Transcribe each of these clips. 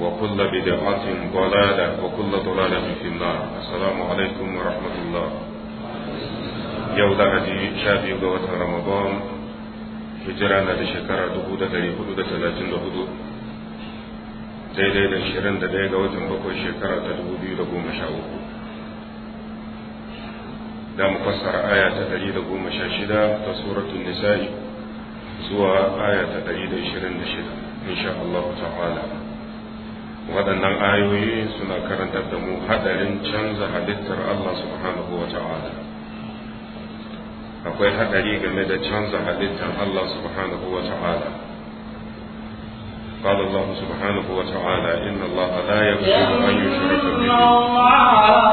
وكل بدعة ضلالة وكل ضلالة في النار السلام عليكم ورحمة الله يوم لهدي شادي قوة رمضان هجرانا لشكرة دهودة يهودة ثلاثين دهودة daidai da shirin da daya ga watan bakwai shekara ta dubu biyu da goma sha uku da mu fassara aya ta ɗari da goma sha shida ta suratun nisa'i zuwa aya ta ɗari da da insha Allah ta'ala waɗannan ayoyi suna karantar da mu haɗarin canza halittar Allah subhanahu wa ta'ala akwai haɗari game da canza halittar Allah subhanahu wa ta'ala قال الله سبحانه وتعالى إن الله لا يغفر أن يشرك به إن الله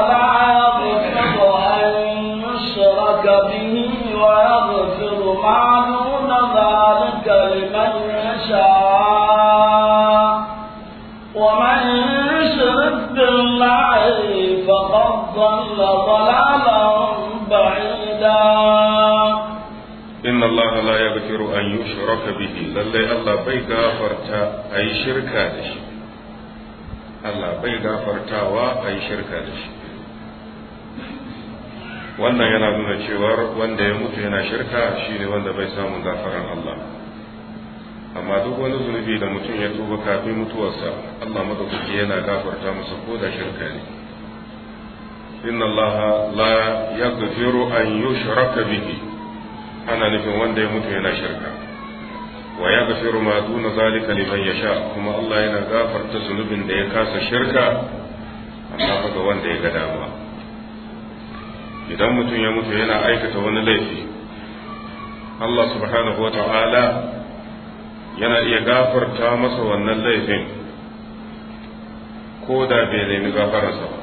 لا يغفر أن يشرك به ويغفر ما دون ذلك لمن يشاء فقد ضل ضلالا بعيدا إن الله لا يغفر أن يشرك به للي الله بي غافرت أي شركة دشي الله بي غافرت أي شركة دشي wannan yana nuna cewar wanda ya mutu yana shirka shi ne wanda bai samun gafaran Allah amma duk wani zunubi da mutum ya tuba kafin mutuwarsa Allah madaukaki yana gafarta masa ko da shirka ne inna Allah la yaghfiru an yushraka bihi ana nufin wanda ya mutu yana shirka wa yaghfiru ma duna zalika liman yasha kuma Allah yana gafarta zunubin da ya kasa shirka amma fa wanda ya ga dama idan mutum ya mutu yana aikata wani laifi Allah subhanahu wa ta'ala yana iya gafarta masa wannan laifin ko da bai nemi gafararsa ba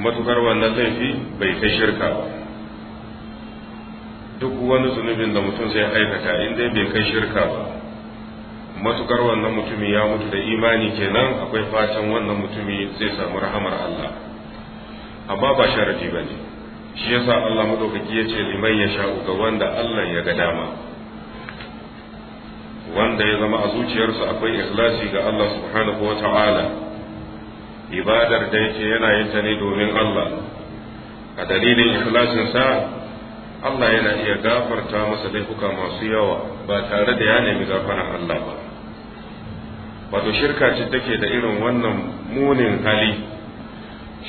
matukar wannan laifi bai kai shirka ba duk wani zunubin da mutum sai aikata in dai bai kai shirka ba matukar wannan mutumi ya mutu da imani kenan akwai fatan wannan mutumi zai samu rahamar Allah amma ba sharadi ba ne shi yasa Allah madaukaki ya ce liman ya sha'u ga wanda Allah ya ga dama wanda ya zama a zuciyarsa akwai ikhlasi ga Allah subhanahu wa ta'ala ibadar da yake yana yin ta ne domin Allah a dalilin sa, Allah yana iya gafarta masa laifuka masu yawa ba tare da ya nemi gafaran Allah ba wato shirka ce take da irin wannan munin hali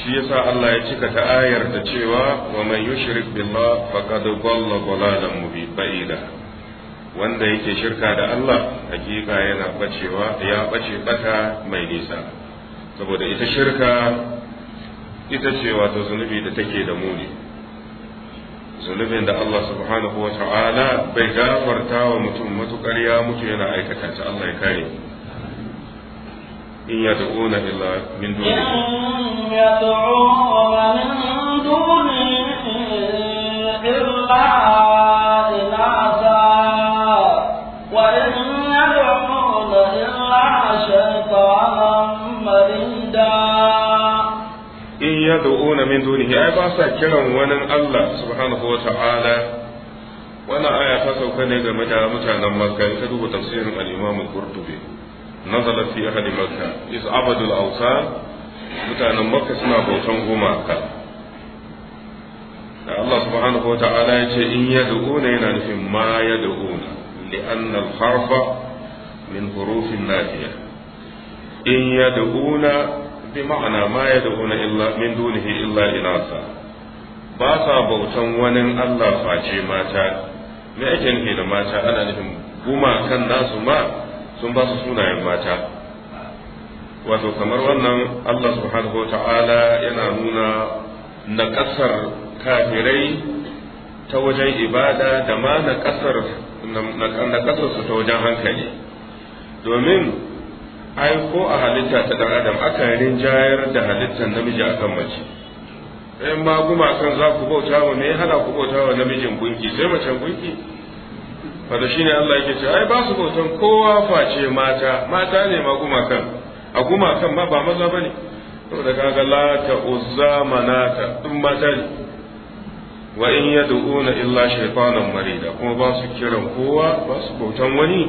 shi yasa Allah ya cika ta ayar da cewa wa man yushrik billah faqad dhalla dhalalan mubina wanda yake shirka da Allah hakika yana bacewa ya bace bata mai nisa saboda ita shirka ita ce wato zunubi da take da muni zunubin da Allah subhanahu wa ta'ala bai gafarta wa mutum matukar ya mutu yana aikata ta Allah ya kare in ya da'una illa min duni in ya da'una min illa yad'una min dunihi ai ba sa kiran wani Allah subhanahu wa ta'ala wannan aya ta sauka ne game mutanen Makka ta duba tafsirin al-Imam Qurtubi nazala fi ahli Makka is abadul mutanen Makka suna bautan gumaka da Allah subhanahu wa ta'ala ya ce in yad'una yana nufin ma yad'una li'anna al-harfa min in bi ma'ana ma ya da'una illa min dunihi illa inasa ba sa bautan wani Allah face mata me ake nufi da mata ana nufin kan nasu ma sun ba su sunayen mata wato kamar wannan Allah subhanahu yana nuna na ƙasar kafirai ta wajen ibada da ma na ƙasar ta wajen hankali domin ai ko a halitta ta dan adam yi rinjayar da halittar namiji akan mace in ma gumakan za ku bauta wa me hana ku bauta wa namijin gunki sai macen gunki wanda shine Allah yake ce ai ba su bautan kowa face mata mata ne ma gumakan a gumakan ma ba maza bane saboda kaga la ta uzza manata duk mata ne wa in yad'una illa shaytanan marida kuma ba su kiran kowa ba su bautan wani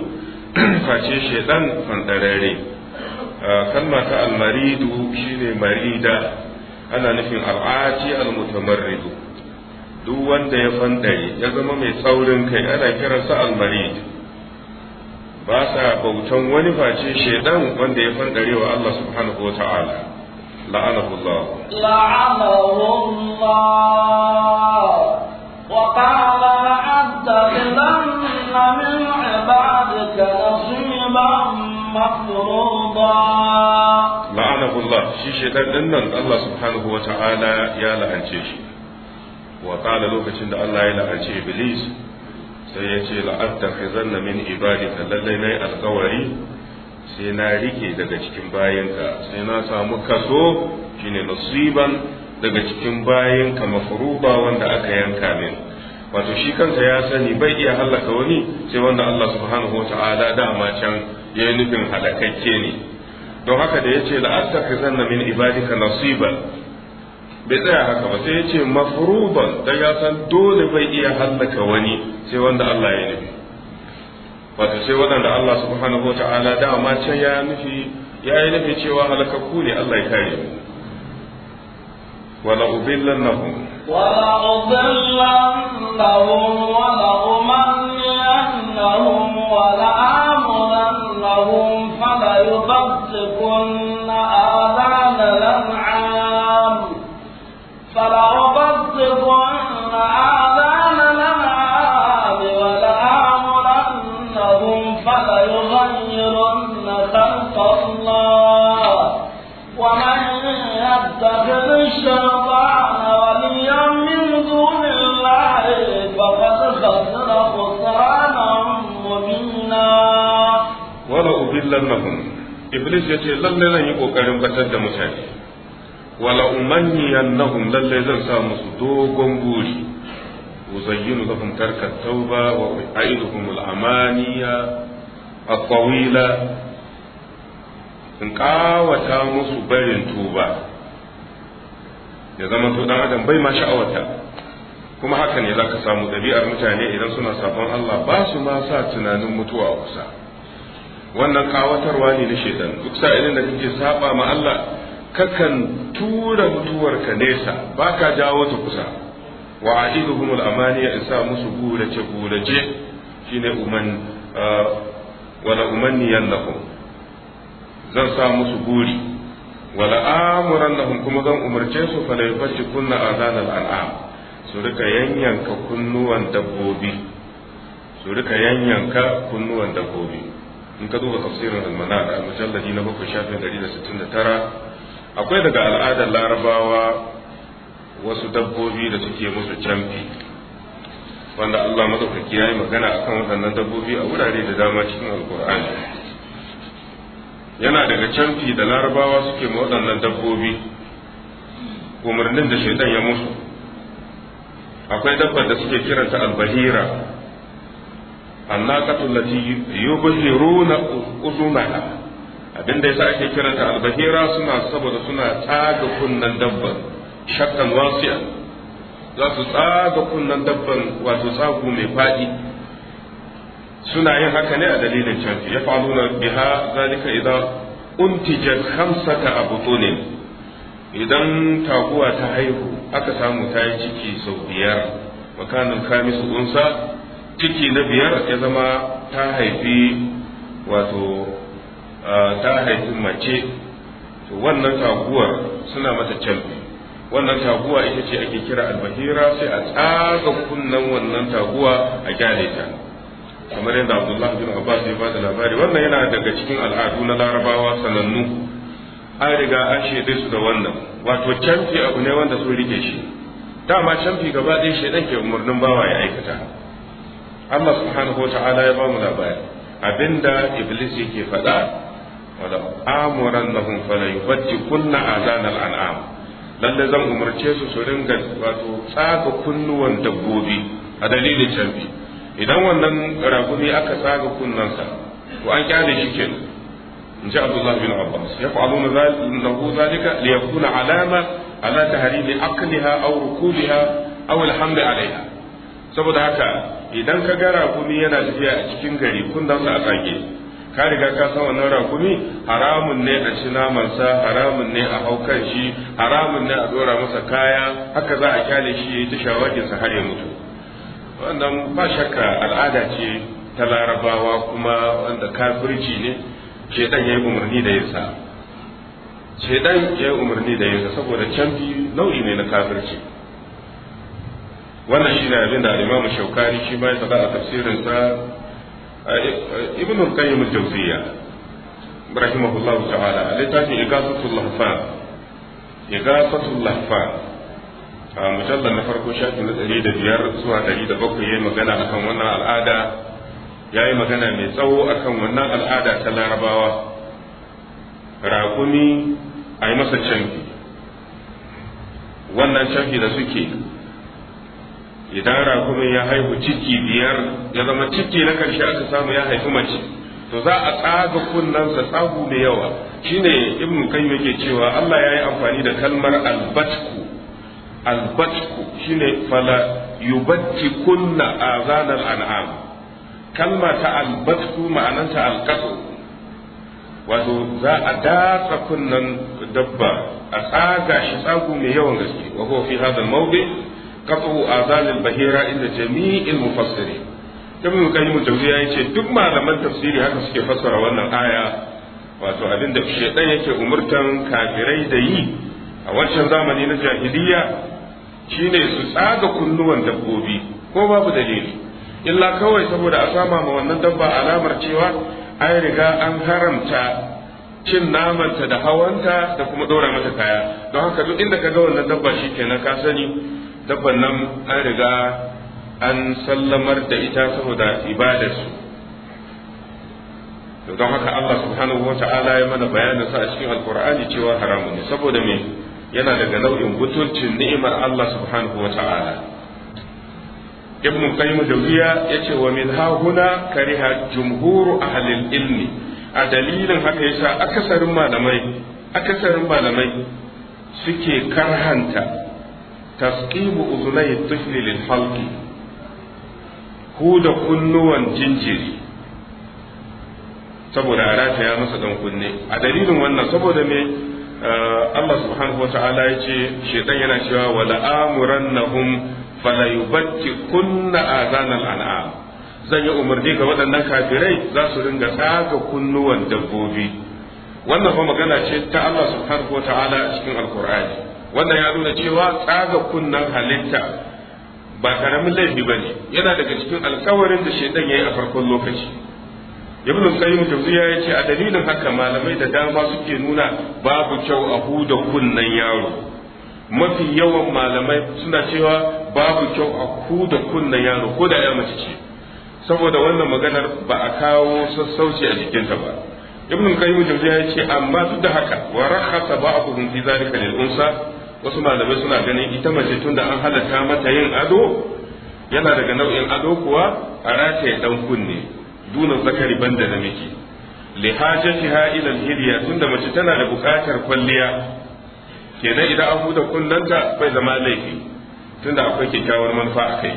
face shedan fandarare Ah, kalma ta almaridu shine marida ana nufin al'aci almutamarridu duk wanda ya fandare ya zama mai saurin kai ana kiransa almarid ba sa bautan wani face shaidan wanda ya fandare wa Allah subhanahu wa ta'ala la'anahu Allah la'anahu Allah وقال لأتخذن مفروضا لعنه الله شي شيطان دنن الله سبحانه وتعالى يا لعنce shi wa qala lokacin da Allah ya la'ance iblis sai ya ce la'attakhizanna min da lallai nayi alkawari sai na rike daga cikin bayanka sai na samu kaso shine nasiban daga cikin bayanka mafruba wanda aka yanka min wato shi kansa ya sani bai iya hallaka wani sai wanda Allah subhanahu wa ta'ala dama can ya yi nufin halakakke ne don haka da ya ce la'attaka zanna min ibadika nasiban bai tsaya haka ba sai ya ce mafuruban da ya san dole bai iya hallaka wani sai wanda Allah ya nufi wato sai waɗanda Allah subhanahu wa ta'ala dama can ya nufi ya yi nufi cewa halakakku ne Allah ya kare wala nahu wala nahu wala nahu wala أبصارهم فليغطكن آذان لهم udillannahum iblis yace lalle zan yi kokarin batar da mutane wala umanniyannahum lalle zan sa musu dogon buri uzayyinu lahum tarka tauba wa aiduhum al-amaniya tawila in kawata musu barin tuba ya zama to dan adam bai ma sha'awata kuma haka ne zaka samu dabi'ar mutane idan suna sabon Allah ba su ma sa tunanin mutuwa kusa wannan kawatarwa ne na shedan duk sa'ilin da kake saba ma Allah kakan tura mutuwarka nesa baka jawo ta kusa wa a'iduhum al-amaniya isa musu gurace gurace shine uman wala umanni lahum zan sa musu guri wala amuran lahum kuma zan umarce su fa la yafshi kunna azan al-an'am su rika yanyanka kunnuwan dabbobi su rika yanyanka kunnuwan dabbobi in ka duba tafsirin almanar a mujalladi na bakwai shafin dari da sittin da tara akwai daga al'adar larabawa wasu dabbobi da suke musu canfi wanda allah maɗaukaki ya yi magana akan waɗannan dabbobi a wurare da dama cikin alkur'ani yana daga canfi da larabawa suke ma waɗannan dabbobi umarnin da shaidan ya musu akwai dabbar da suke kiranta albahira annaqatu allati yubhiruna uzunaha abin da yasa ake kiranta albahira suna saboda suna tsaga kunnan dabban shakkan wasiya za su tsaga kunnan dabban wato tsagu mai fadi suna yin haka ne a dalilin canfi ya na biha zalika idan untijat khamsata abutunin idan taguwa ta haihu aka samu ta yi ciki sau biyar makanin kamisu unsa ciki na biyar ya zama ta haifi wato ta haifi mace to wannan taguwar suna mata canfi. wannan taguwa ita ce ake kira albahira sai a tsaga kunnan wannan taguwa a gyale ta kamar yadda abdullahi bin abbas ya bada labari wannan yana daga cikin al'adu na larabawa sanannu an riga an shaidai su da wannan wato canfi abu ne wanda sun rike shi dama canfi gaba ɗaya shaidan ke umarnin bawa ya aikata Allah subhanahu wata'ala ya bamu labari abinda iblis yake faɗa wala amuran lahum fala yubatti kunna azan al'am lalle zan umarce su su ringa wato tsaga kunnuwan dabbobi a dalilin canbi idan wannan ragumi aka tsaga kunnansa ko an kyale shi kenan in ji Abdullah bin Abbas ya na lahu zalika li alama ala tahrimi aqliha aw rukubiha aw alhamd alaiha saboda haka idan ka ga rakumi yana tafiya a cikin gari kun da a tsage ka riga ka san wannan rakumi haramun ne a ci namansa haramun ne a hau kan shi haramun ne a dora masa kaya haka za a kyale shi ya yi ta sa har ya mutu wannan ba shakka al'ada ce ta larabawa kuma wanda kafirci ne shedan ya yi umarni da yinsa shedan ya yi umarni da yinsa saboda canfi nau'i ne na kafirci wannan shine abin da al-Imam Shawkani shi ma ya faɗa a tafsirin sa Ibn al-Qayyim al-Jawziyya rahimahullah ta'ala a littafin Igasatul Lahfan Igasatul Lahfan a mujallar na farko shafin na ɗari da biyar zuwa ɗari da bakwai ya yi magana akan wannan al'ada ya yi magana mai tsawo akan wannan al'ada ta larabawa raƙumi ai masa canfi wannan canfi da suke idan rakumin ya haihu ciki biyar ya zama ciki na karshe aka samu ya haifi mace to za a tsaga kunnansa tsagu mai yawa shine ibn qayyim yake cewa Allah ya yi amfani da kalmar albatku albatku shine fala yubatti kunna azanal an'am kalma ta albatku ma'ananta alqatu wato za a datsa kunnan dabba a tsaga shi tsagu mai yawan gaske wa fi hadal mawdi' qat'u azan al-bahira inda jami'il mufassirin ibn qayyim tawziya yace duk malaman tafsiri haka suke fassara wannan aya wato abinda shedan yake umurtan kafirai da yi a wancan zamani na jahiliya shine su tsaga kunnuwan dabbobi ko babu dalili illa kawai saboda a sama ma wannan dabba alamar cewa an riga an haramta cin namanta da hawanta da kuma ɗora mata kaya don haka duk inda ka ga wannan dabba shi kenan ka sani dabban nan an riga an sallamar da ita saboda ibadarsu to don haka Allah subhanahu wa ta'ala ya mana bayanin sa a cikin alkur'ani cewa haramu ne saboda me yana daga nau'in butulcin ni'imar Allah subhanahu wa ta'ala ibn qayyim dawiya yace wa min hahuna kariha jumhuru ahlil ilmi a dalilin haka yasa akasarin malamai akasarin malamai suke karhanta tasqibu uzunai tufli lil halqi huda kunnuwan jinjiri saboda a rataya masa dan kunne a dalilin wannan saboda me eh, Allah subhanahu wa ta'ala ya ce shedan yana cewa wala amurannahum fala kunna azanal an'am zan yi umarni ga waɗannan kafirai za su ringa tsaga kunnuwan dabbobi wannan fa magana ce ta Allah subhanahu wa ta'ala cikin alqur'ani wannan ya nuna cewa tsaga kunnan halitta ba karamin laifi ba ne. yana daga cikin alkawarin da shaidan ya yi a farkon lokaci ibn qayyim tafsir ya ce a dalilin haka malamai da dama suke nuna babu kyau a huda kunnan yaro mafi yawan malamai suna cewa babu kyau a huda kunnan yaro ko da ya mace ce saboda wannan maganar ba a kawo sassauci a jikinta ba ibn qayyim tafsir ya amma duk da haka wa rakhasa ba'dhum fi zalika lil unsa wasu malamai suna ganin ita mace tun da an halatta mata yin ado yana daga nau'in ado kuwa a ya dan kunne dunan zakari banda da miki li hajatiha ila al tun tunda mace tana da bukatar kwalliya kenan idan an huda kullanta bai zama laifi tunda akwai kyakkyawar manufa a kai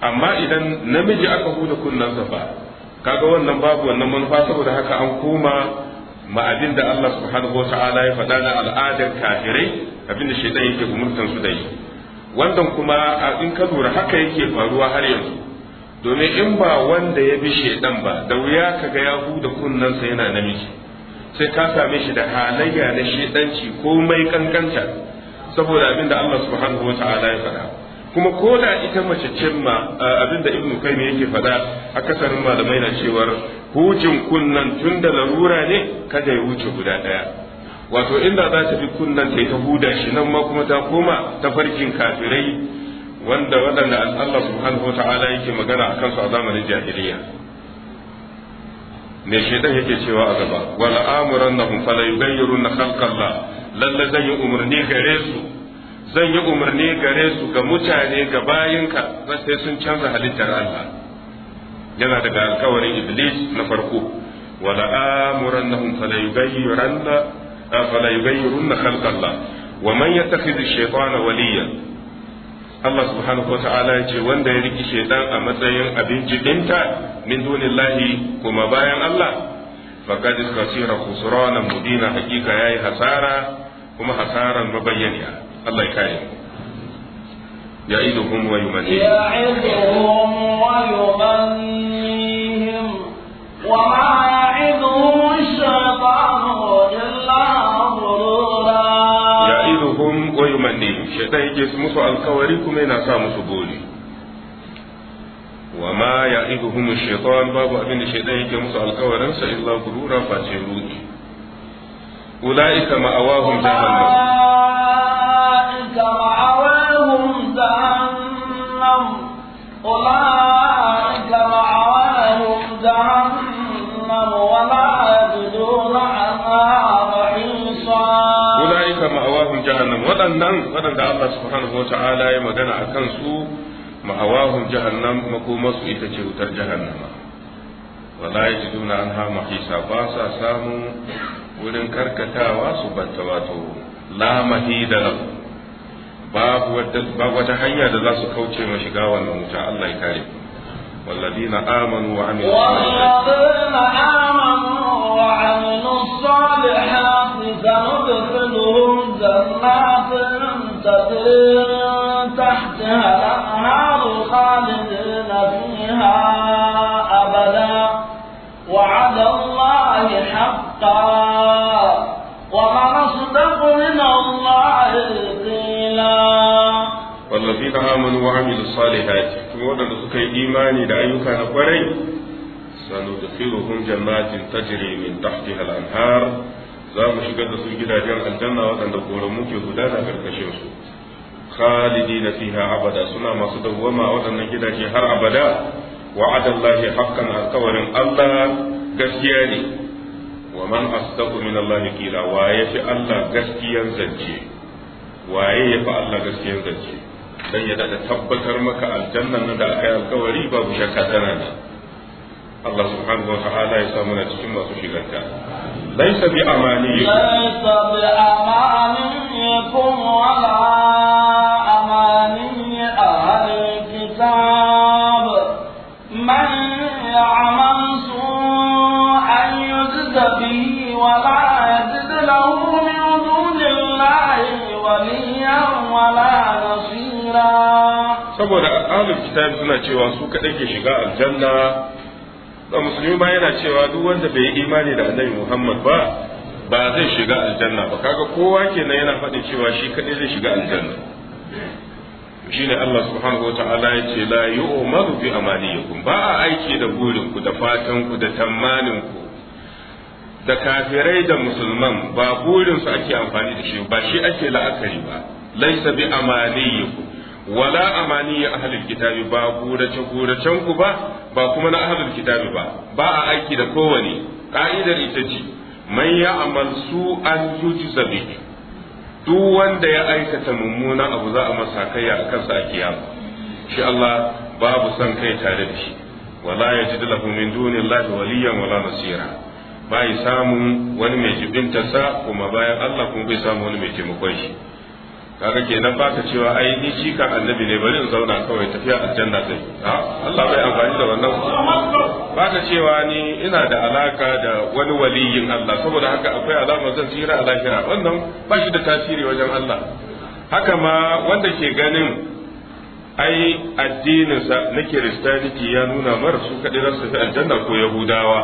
amma idan namiji aka huda kullanta fa kaga wannan babu wannan manufa saboda haka an koma ma'adin da Allah subhanahu wa ta'ala ya faɗa na al'adar kafirai abinda shaidan yake umurtan su da yi wannan kuma in ka lura haka yake faruwa har yanzu domin in ba wanda ya bi shaidan ba da wuya ka ga ya huda kunnensa yana namiji sai ka same shi da halayya na ko komai kankanta saboda abinda Allah subhanahu wa ta'ala ya faɗa kuma ko da ita mace cimma abinda ibnu kaim yake faɗa akasarin malamai na cewar hujin kunnan tun da larura ne kada ya wuce guda ɗaya wato inda za ta bi kunnan ta yi ta huda shi nan ma kuma ta koma ta farkin kafirai wanda waɗanda Allah subhanahu wa ta'ala yake magana a kansu a zamanin jahiliya me shaidan yake cewa a gaba wal amuran nahum fala na khalqalla lalla zan yi umarni gare su zan yi umarni gare su ga mutane ga bayinka za sai sun canza halittar Allah yana daga alkawarin iblis na farko wala amuran nahum fala yughayyiruna فلا يغيرن خلق الله ومن يتخذ الشيطان وليا Allah subhanahu wa ta'ala ya ce wanda ya riki shaidan a matsayin abinci dinta. min dunillahi kuma bayan Allah faqad khasira khusrana mudina hakika yayi hasara kuma hasaran mabayyaniya Allah ya يعيدهم ويمنيهم يعيدهم ويمنيهم وما يعدهم الشيطان shaidan yake musu alkawari kuma yana sa musu gori wa ma ya babu abin da shaidan yake musu alkawarin sa illa gurura face ruki ulaika ma'awahum jahannam ulaika ma'awahum jahannam ulaika ma'awahum jahannam wa waɗannan waɗanda Allah subhanahu wa ta'ala ya magana a kansu mahawahun jahannam makomarsu ita ce wutar jahannama wala ya ji duna an hama hisa ba sa samun wurin karkatawa su batta wato lamahi da lahu babu wata hanya da za su kauce ma shiga wannan wuta Allah ya kare والذين آمنوا وعملوا الصالحات والذين آمنوا وعملوا الصالحات سندخلهم جنات تجري من تحتها الأنهار خالدين فيها أبدا وعد الله حقا ومن أصدق من الله قيلا والذين آمنوا وعملوا الصالحات waɗanda suka yi imani da ayyuka na kwarai sanudkhiluhum jannatin tajri min tahtiha al-anhar za mu shigar da su gidajen aljanna waɗanda koramu ke gudana karkashin su khalidi na fiha abada suna masu dawwama waɗannan gidaje har abada wa'adallahi haqqan alkawarin Allah gaskiya ne wa man asdaqu min Allah qila wa yafi Allah gaskiyan zance waye yafi Allah gaskiyan zance dan ya da tabbatar maka aljannan da aka yi alkawari babu shakka tana Allah subhanahu wa ta'ala ya samu na cikin masu shigarta ليس بأمانيكم ليس بأمانيكم ولا أماني أهل الكتاب من يعمل سوءا يجد به ولا يجد له من دون الله وليا ولا نصيرا saboda ahlul kitab suna cewa su kaɗai ke shiga aljanna da musulmi ma yana cewa duk wanda bai yi imani da annabi Muhammad ba ba zai shiga aljanna ba kaga kowa kenan yana faɗin cewa shi kadai zai shiga aljanna shine Allah subhanahu wataala ya ce la yu'maru bi amaliyakum ba a aiki da burin ku da fatan ku da tamanin ku da kafirai da musulman ba burin su ake amfani da shi ba shi ake la'akari ba laysa bi amaliyakum wala amaniya ahlul kitabi ba gurace guracen ku ba ba kuma na ahlul kitabi ba ba a aiki da kowane ka'idar ita ce man ya amal su an yujza bihi duk wanda ya aikata mummunan abu za a masa kai a kansa a kiyama shi Allah babu son kai tare da shi wala yajidu lahu min dunillahi waliyan wala nasira bai samun wani mai jibintarsa kuma bayan Allah kuma bai samu wani mai taimakon shi kaga kenan ka cewa ai ni shi ka annabi ne bari in zauna kawai tafiya aljanna dai ah, Allah bai amfani da wannan Ba ka cewa ni ina da alaka da wani waliyin Allah saboda haka akwai alama zan tsira a lahira wannan ba shi da tasiri wajen Allah haka ma wanda ke ganin ai sa na kiristaniki ya nuna mara su kaɗai za su fi aljanna ko yahudawa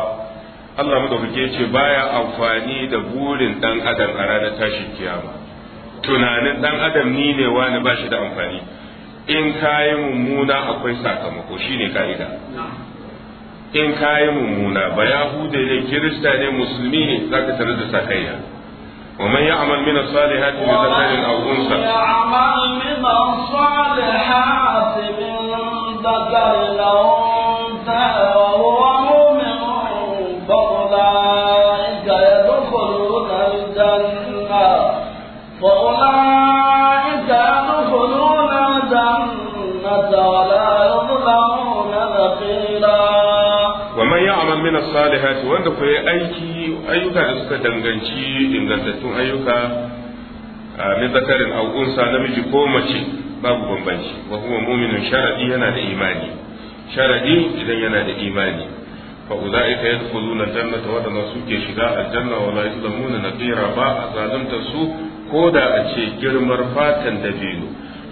Allah madaukake ce baya amfani da burin ɗan adam a ranar tashin kiyama tunanin dan adam ni ne wani ba shi da amfani in kayi mummuna akwai sakamako ne ka'ida in kayi mummuna ba yahude ne kirista ne musulmi ne zaka tare da sakayya ومن يعمل من الصالحات من ذكر أو أنثى يعمل من الصالحات من ذكر min as-salihati wanda ku yi aiki ayyuka da suka danganci ingantattun ayyuka min zakarin unsa namiji ko mace babu bambanci wa kuma mu'minun sharadi yana da imani sharadi idan yana da imani fa ulaika yadkhuluna jannata wa dama suke shiga aljanna wa la yuzlamuna naqira ba a zalunta su ko da a ce girmar fatan dabino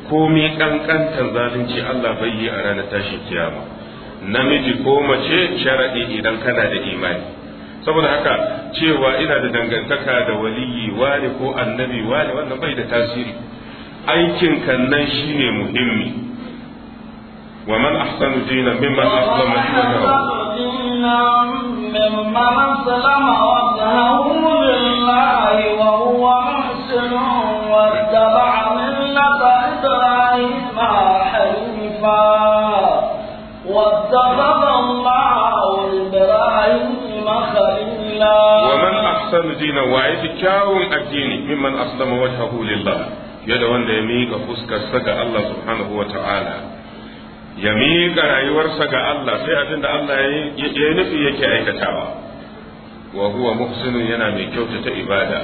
komai kankantan zalunci Allah bai yi a ranar tashin kiyama namiji ko mace sharaɗi idan kana da imani saboda haka cewa ina da dangantaka da waliyi wani ko annabi wani wannan bai da tasiri aikin kan nan shine muhimmi wa man ahsanu dina mimman aslama dinahu mimman aslama wajhahu lillahi wa huwa dina waye fi kyawun addini mimman aslama wajhahu lillah fiye da wanda ya miƙa fuskarsa ga Allah subhanahu wa ta'ala ya miƙa rayuwarsa ga Allah sai abin da Allah ya yi nufi yake aikatawa wa huwa muhsinun yana mai kyautata ibada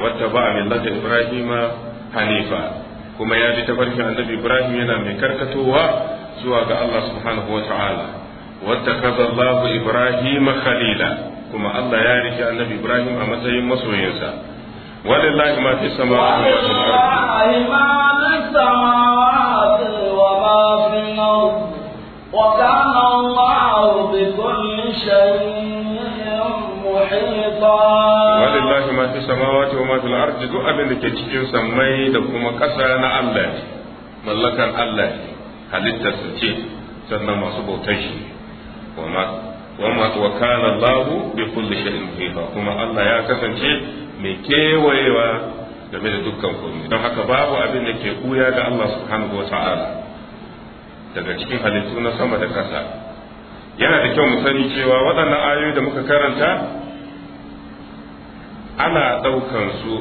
wata ba millata ibrahima hanifa kuma ya ji tabarkin annabi ibrahim yana mai karkatowa zuwa ga Allah subhanahu wa ta'ala wata kaza ibrahima khalila kuma Allah ya rike annabi Ibrahim a matsayin masoyinsa walillahi ma fi samawati wa fil ardi ma fi samawati wa ma fil ardi wa kana Allahu bi kulli shay'in muhita walillahi ma fi samawati wa ma al ardi duk abin da ke cikin samai da kuma ƙasa na Allah ne mallakan Allah ne halittarsa ce sannan masu bautar shi wa ma wa kana Allah bi kulli shay'in muhita kuma Allah ya kasance mai kewayewa game da dukkan komai don haka babu abin da ke kuya ga Allah subhanahu wa ta'ala daga cikin halittu na sama da ƙasa yana da kyau mu sani cewa waɗannan ayoyi da muka karanta ana ɗaukan su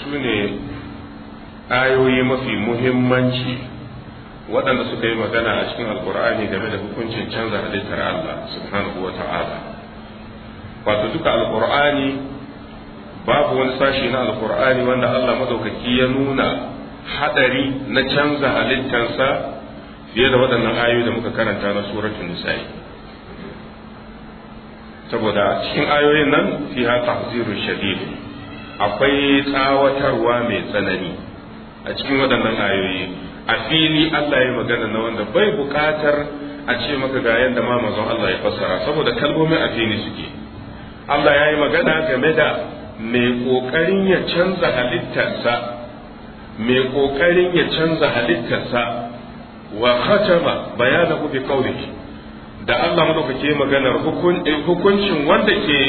su ne ayoyi mafi muhimmanci waɗanda suka yi magana a cikin alkur'ani game da hukuncin canza halittar Allah subhanahu wa ta'ala wato duka alkur'ani babu wani sashi na alkur'ani wanda Allah madaukaki ya nuna hadari na canza halittarsa fiye da waɗannan ayoyi da muka karanta na suratul nisa'i saboda cikin ayoyin nan ha tahziru shadid akwai tsawatarwa mai tsanani a cikin waɗannan ayoyi a fili Allah ya magana na wanda bai bukatar a ce maka ga yadda ma mazan Allah ya fassara saboda kalmomin a fili suke Allah ya yi magana game da mai kokarin ya canza halittarsa mai kokarin ya canza halittarsa wa khatama bayanahu bi qawlihi da Allah ke maganar eh, hukuncin wanda ke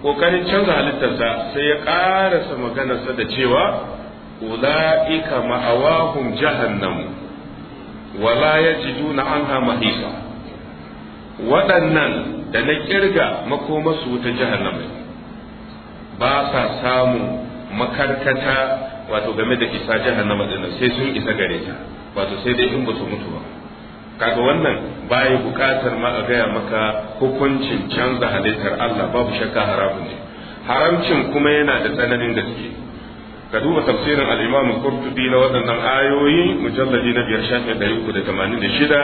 kokarin canza halittarsa sai ya karasa maganarsa da cewa ula'ika ma'awahum jahannamu wala yajiduna anha mahisa waɗannan da na kirga makomasu ta jahannama ba sa samun makarkata wato game da isa jahannama din sai sun isa gare ta wato sai dai in ba su mutu ba kaga wannan bai bukatar ma a gaya maka hukuncin canza halittar Allah babu shakka haramun ne haramcin kuma yana da tsananin gaske ka duba tafsirin al-Imam Qurtubi na waɗannan ayoyi mujalladi na biyar shafi ɗari uku da tamanin da shida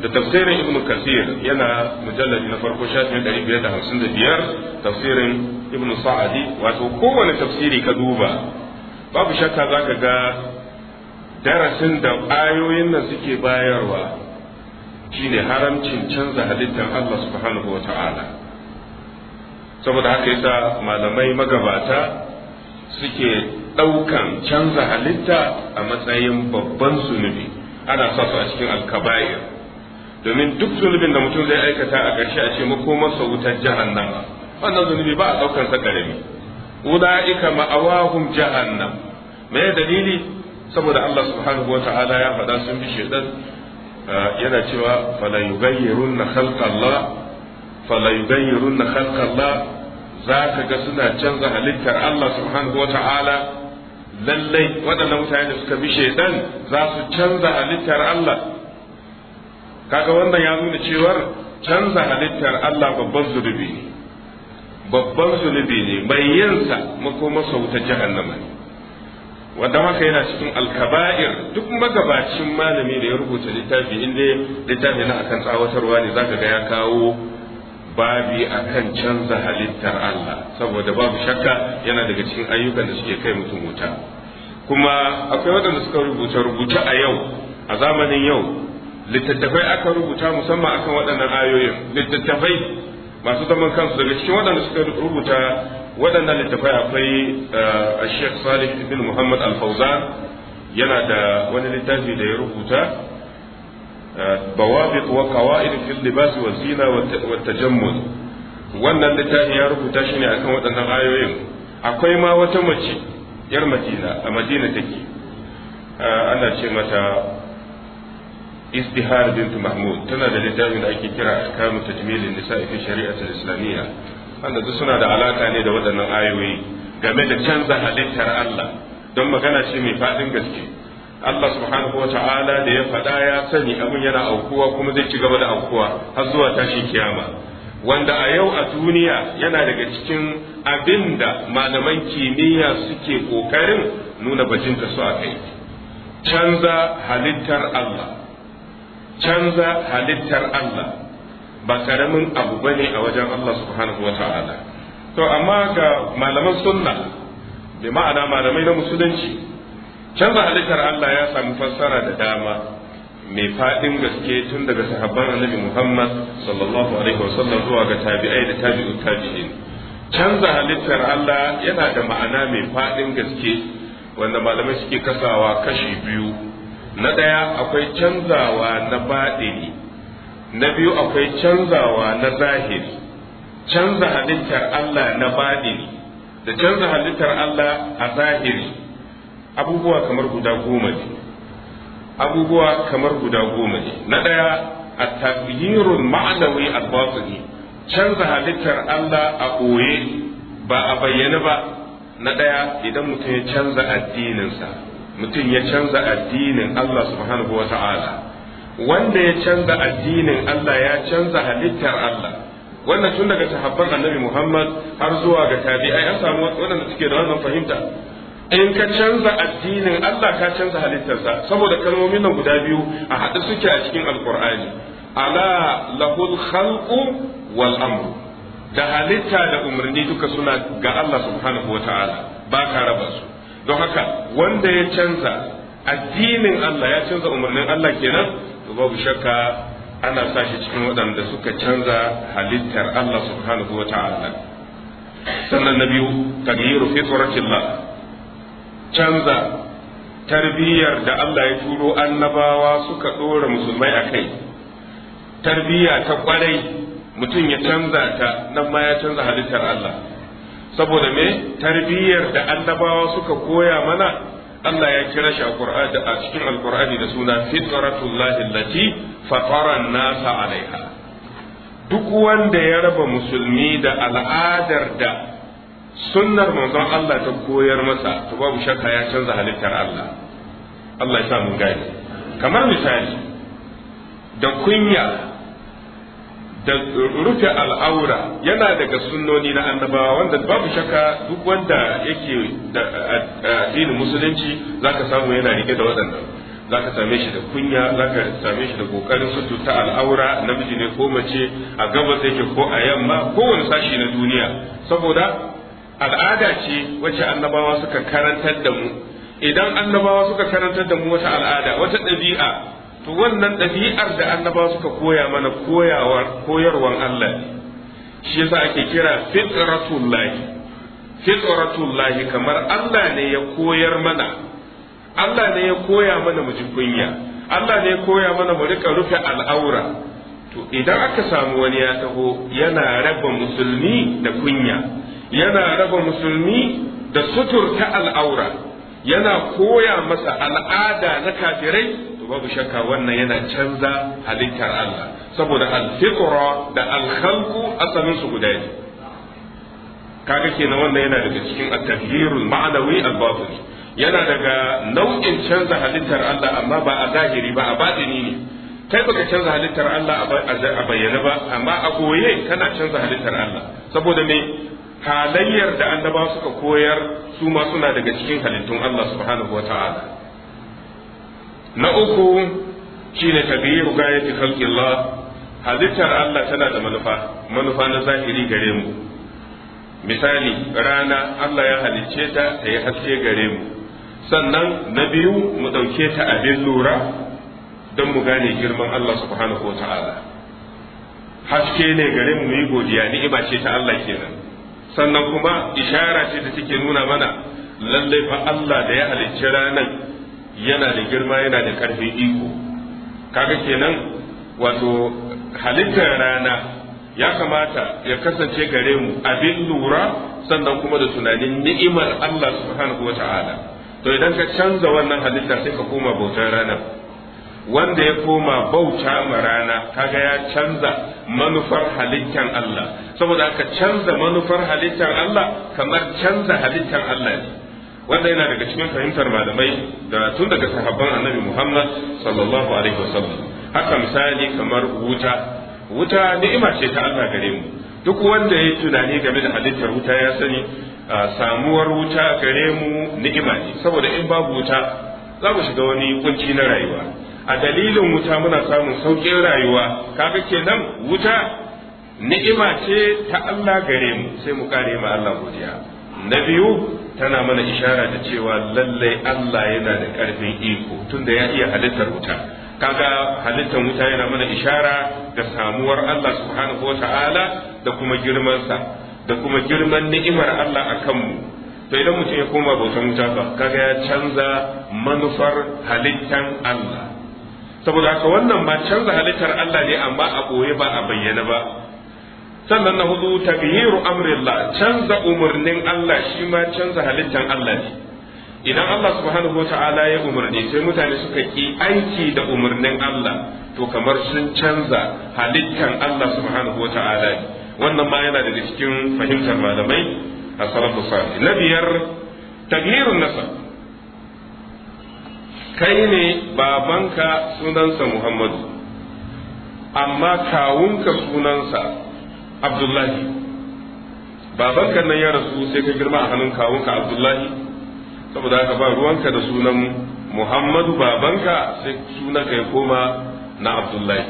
da tafsirin Ibn Kathir yana mujalladi na farko shafi ɗari biyar da hamsin da biyar tafsirin Ibn Sa'adi wato kowane tafsiri ka duba babu shakka za ka ga darasin da ayoyin nan suke bayarwa shine haramcin canza halittar Allah subhanahu wa ta'ala saboda haka yasa malamai magabata suke ɗaukan canza halitta a matsayin babban zunubi ana sa su a cikin alkaba'ir domin duk zunubin da mutum zai aikata a ƙarshe a ce makomarsa wutar jahannan. wannan zunubi ba a ɗaukan sa ƙarami ula'ika ma'awahum jahannam me dalili saboda Allah subhanahu wa ta'ala ya faɗa sun bi shaidan uh, yana cewa fala yughayyirunna khalqallah fala yughayyirunna khalqallah zaka ga suna canza halittar Allah subhanahu wa ta'ala lallai waɗannan mutane da suka bi shaidan za su canza halittar Allah kaga wannan ya nuna cewar canza halittar Allah babban zunubi ne babban zunubi ne mai yinsa makomarsa wuta jahannama ne wanda haka yana cikin alkaba'ir duk magabacin malami da ya rubuta littafi inda littafi na akan tsawatarwa ne za ga ya kawo babi akan canza halittar Allah saboda babu shakka yana daga cikin ayyukan da suke kai mutum wuta kuma akwai waɗanda suka rubuta rubuta a yau a zamanin yau littattafai aka rubuta musamman akan waɗannan ayoyin littattafai masu zaman kansu daga cikin waɗanda suka rubuta waɗannan littattafai akwai eh, Sheikh Salih ibn Muhammad Al-Fawzan yana da wani littafi da ya rubuta bawabiq wa qawaid fil libas wa zina wa tajammul wannan littafin ya rubuta shi ne akan waɗannan ayoyin akwai ma wata mace yar madina a madina take ana ce mata istihar bint mahmud tana da littafin da ake kira kamu tajmilin nisa fi shari'atul islamiyya wanda duk suna da alaka ne da waɗannan ayoyi game da canza halittar Allah don magana ce mai faɗin gaske Allah subhanahu wa ta'ala da ya faɗa ya sani abin yana aukuwa kuma zai ci gaba da aukuwa har zuwa tashin kiyama wanda a yau a duniya yana daga cikin abinda da malaman kimiyya suke ƙoƙarin nuna bajinta su a kai canza halittar Allah canza halittar Allah ba karamin abu bane a wajen Allah subhanahu wa ta'ala to amma ga malaman sunna bi ma'ana malamai na musulunci canza halittar Allah ya samu fassara da dama mai faɗin gaske tun daga sahabban annabi Muhammad sallallahu alaihi wasallam zuwa ga tabi'ai da tabi'ut tabi'in canza halittar Allah yana da ma'ana mai faɗin gaske wanda malamai suke kasawa kashi biyu na ɗaya akwai canzawa na baɗini na biyu akwai canzawa na zahiri canza halittar Allah na baɗini da canza halittar Allah a zahiri abubuwa kamar guda goma ne abubuwa kamar guda goma ne na ɗaya a tafiyirun ma'anawi al-batini canza halittar Allah a ɓoye ba a bayyana ba na ɗaya idan mutum ya canza addininsa mutum ya canza addinin Allah subhanahu wa ta'ala wanda ya canza addinin Allah ya canza halittar Allah wannan tun daga sahabban annabi Muhammad har zuwa ga tabi'ai an samu waɗanda suke da wannan fahimta in ka canza addinin Allah ka canza halittarsa saboda kalmomin nan guda biyu a haɗe suke a cikin alkur'ani ala lahul khalqu wal amru da halitta da umarni duka suna ga Allah subhanahu wataala ba ka raba su don haka wanda ya canza addinin Allah ya canza umarnin Allah kenan to babu shakka ana sa shi cikin waɗanda suka canza halittar Allah subhanahu wataala sannan na biyu tagyiru fitratillah canza tarbiyyar da Allah ya turo annabawa suka ɗora musulmai a kai tarbiyya ta kwarai mutum ya canza ta nan ma ya canza halittar Allah saboda me tarbiyyar da annabawa suka koya mana Allah ya kira shi a cikin alkur'ani da suna fitratullahi allati fatara nasa alaiha duk wanda ya raba musulmi da al'adar da sunnar manzon Allah ta koyar masa to babu shakka ya canza halittar Allah Allah ya sa mun gane kamar misali da kunya da rufe al'aura yana daga sunnoni na annabawa wanda babu shakka duk wanda yake da addinin musulunci zaka samu yana rike da waɗannan zaka same shi da kunya zaka same shi da kokarin sututa al'aura namiji ne ko mace a gabas yake ko a yamma kowane sashi na duniya saboda al'ada ce wacce annabawa suka karantar da mu idan annabawa suka karantar da mu wata al'ada wata ɗabi'a to wannan ɗabi'ar da annabawa suka koya mana koyawar koyarwan Allah shi yasa ake kira fitratullahi fitratullahi kamar Allah ne ya koyar mana Allah ne ya koya mana mu ji kunya Allah ne ya koya mana mu rika rufe al'aura to idan aka samu wani ya taho yana raba musulmi da kunya yana raba musulmi da suturta al'aura yana koya masa al'ada na kafirai to babu shakka wannan yana canza halittar Allah saboda al da al-khalqu asalin su guda ne kaga kenan wannan yana daga cikin at-taghyirul ma'nawi al-batini yana daga nau'in canza halittar Allah amma ba a zahiri ba a batini ne kai baka canza halittar Allah a bayyana ba amma a goye kana canza halittar Allah saboda me halayyar da annaba suka koyar su ma suna daga cikin halittun Allah subhanahu wata'ala na uku shine tabiru gayati khalqillah halittar Allah tana da manufa manufa na zahiri gare mu misali rana Allah ya halicce ta ta yi haske gare mu sannan na biyu mu ɗauke ta abin lura don mu gane girman Allah subhanahu wata'ala haske ne gare mu yi godiya ni'ima ce ta Allah kenan sannan kuma ishara ce da take nuna mana lallai fa Allah da ya halicci ranar yana da girma yana da karfi iko kaga kenan wato halittar rana ya kamata ya kasance gare mu abin lura sannan kuma da tunanin ni'imar Allah subhanahu wata'ala to idan ka canza wannan halitta sai ka koma bautar ranar wanda ya koma bauta ma rana kaga ya canza manufar halittar Allah saboda aka canza manufar halittar Allah kamar canza halittar Allah ne wanda yana daga cikin fahimtar malamai da tun daga sahabban annabi Muhammad sallallahu alaihi wasallam haka misali kamar wuta wuta ni'ima ce ta Allah gare mu duk wanda ya tunani game da halittar wuta ya sani samuwar wuta gare mu ni'ima ne saboda in babu wuta za mu shiga wani kunci na rayuwa a dalilin wuta muna samun sauƙin rayuwa kaga kenan wuta ni'ima ce ta Allah gare mu sai mu kare ma Allah godiya na biyu tana mana ishara da cewa lallai Allah yana da ƙarfin iko tunda ya iya halittar wuta kaga halittar wuta yana mana ishara da samuwar Allah subhanahu wa ta'ala da kuma girmansa da kuma girman ni'imar Allah a kanmu to idan mutum ya koma bautan wuta ba kaga ya canza manufar halittan Allah saboda haka wannan ba canza halittar Allah ne amma a ɓoye ba a bayyana ba sannan na hudu taghyiru amrillah canza umarnin Allah shi ma canza halittar Allah ne idan Allah subhanahu wa ta'ala ya umarni sai mutane suka ki aiki da umarnin Allah to kamar sun canza halittar Allah subhanahu wa ta'ala wannan ma yana daga cikin fahimtar malamai a salatu na biyar taghyirun nasab kai ne babanka sunansa Muhammadu amma kawunka sunansa Abdullahi babanka nan ya rasu sai ka girma a hannun kawunka Abdullahi saboda haka ba ruwanka da sunan Muhammadu babanka sai sunanka ya koma na Abdullahi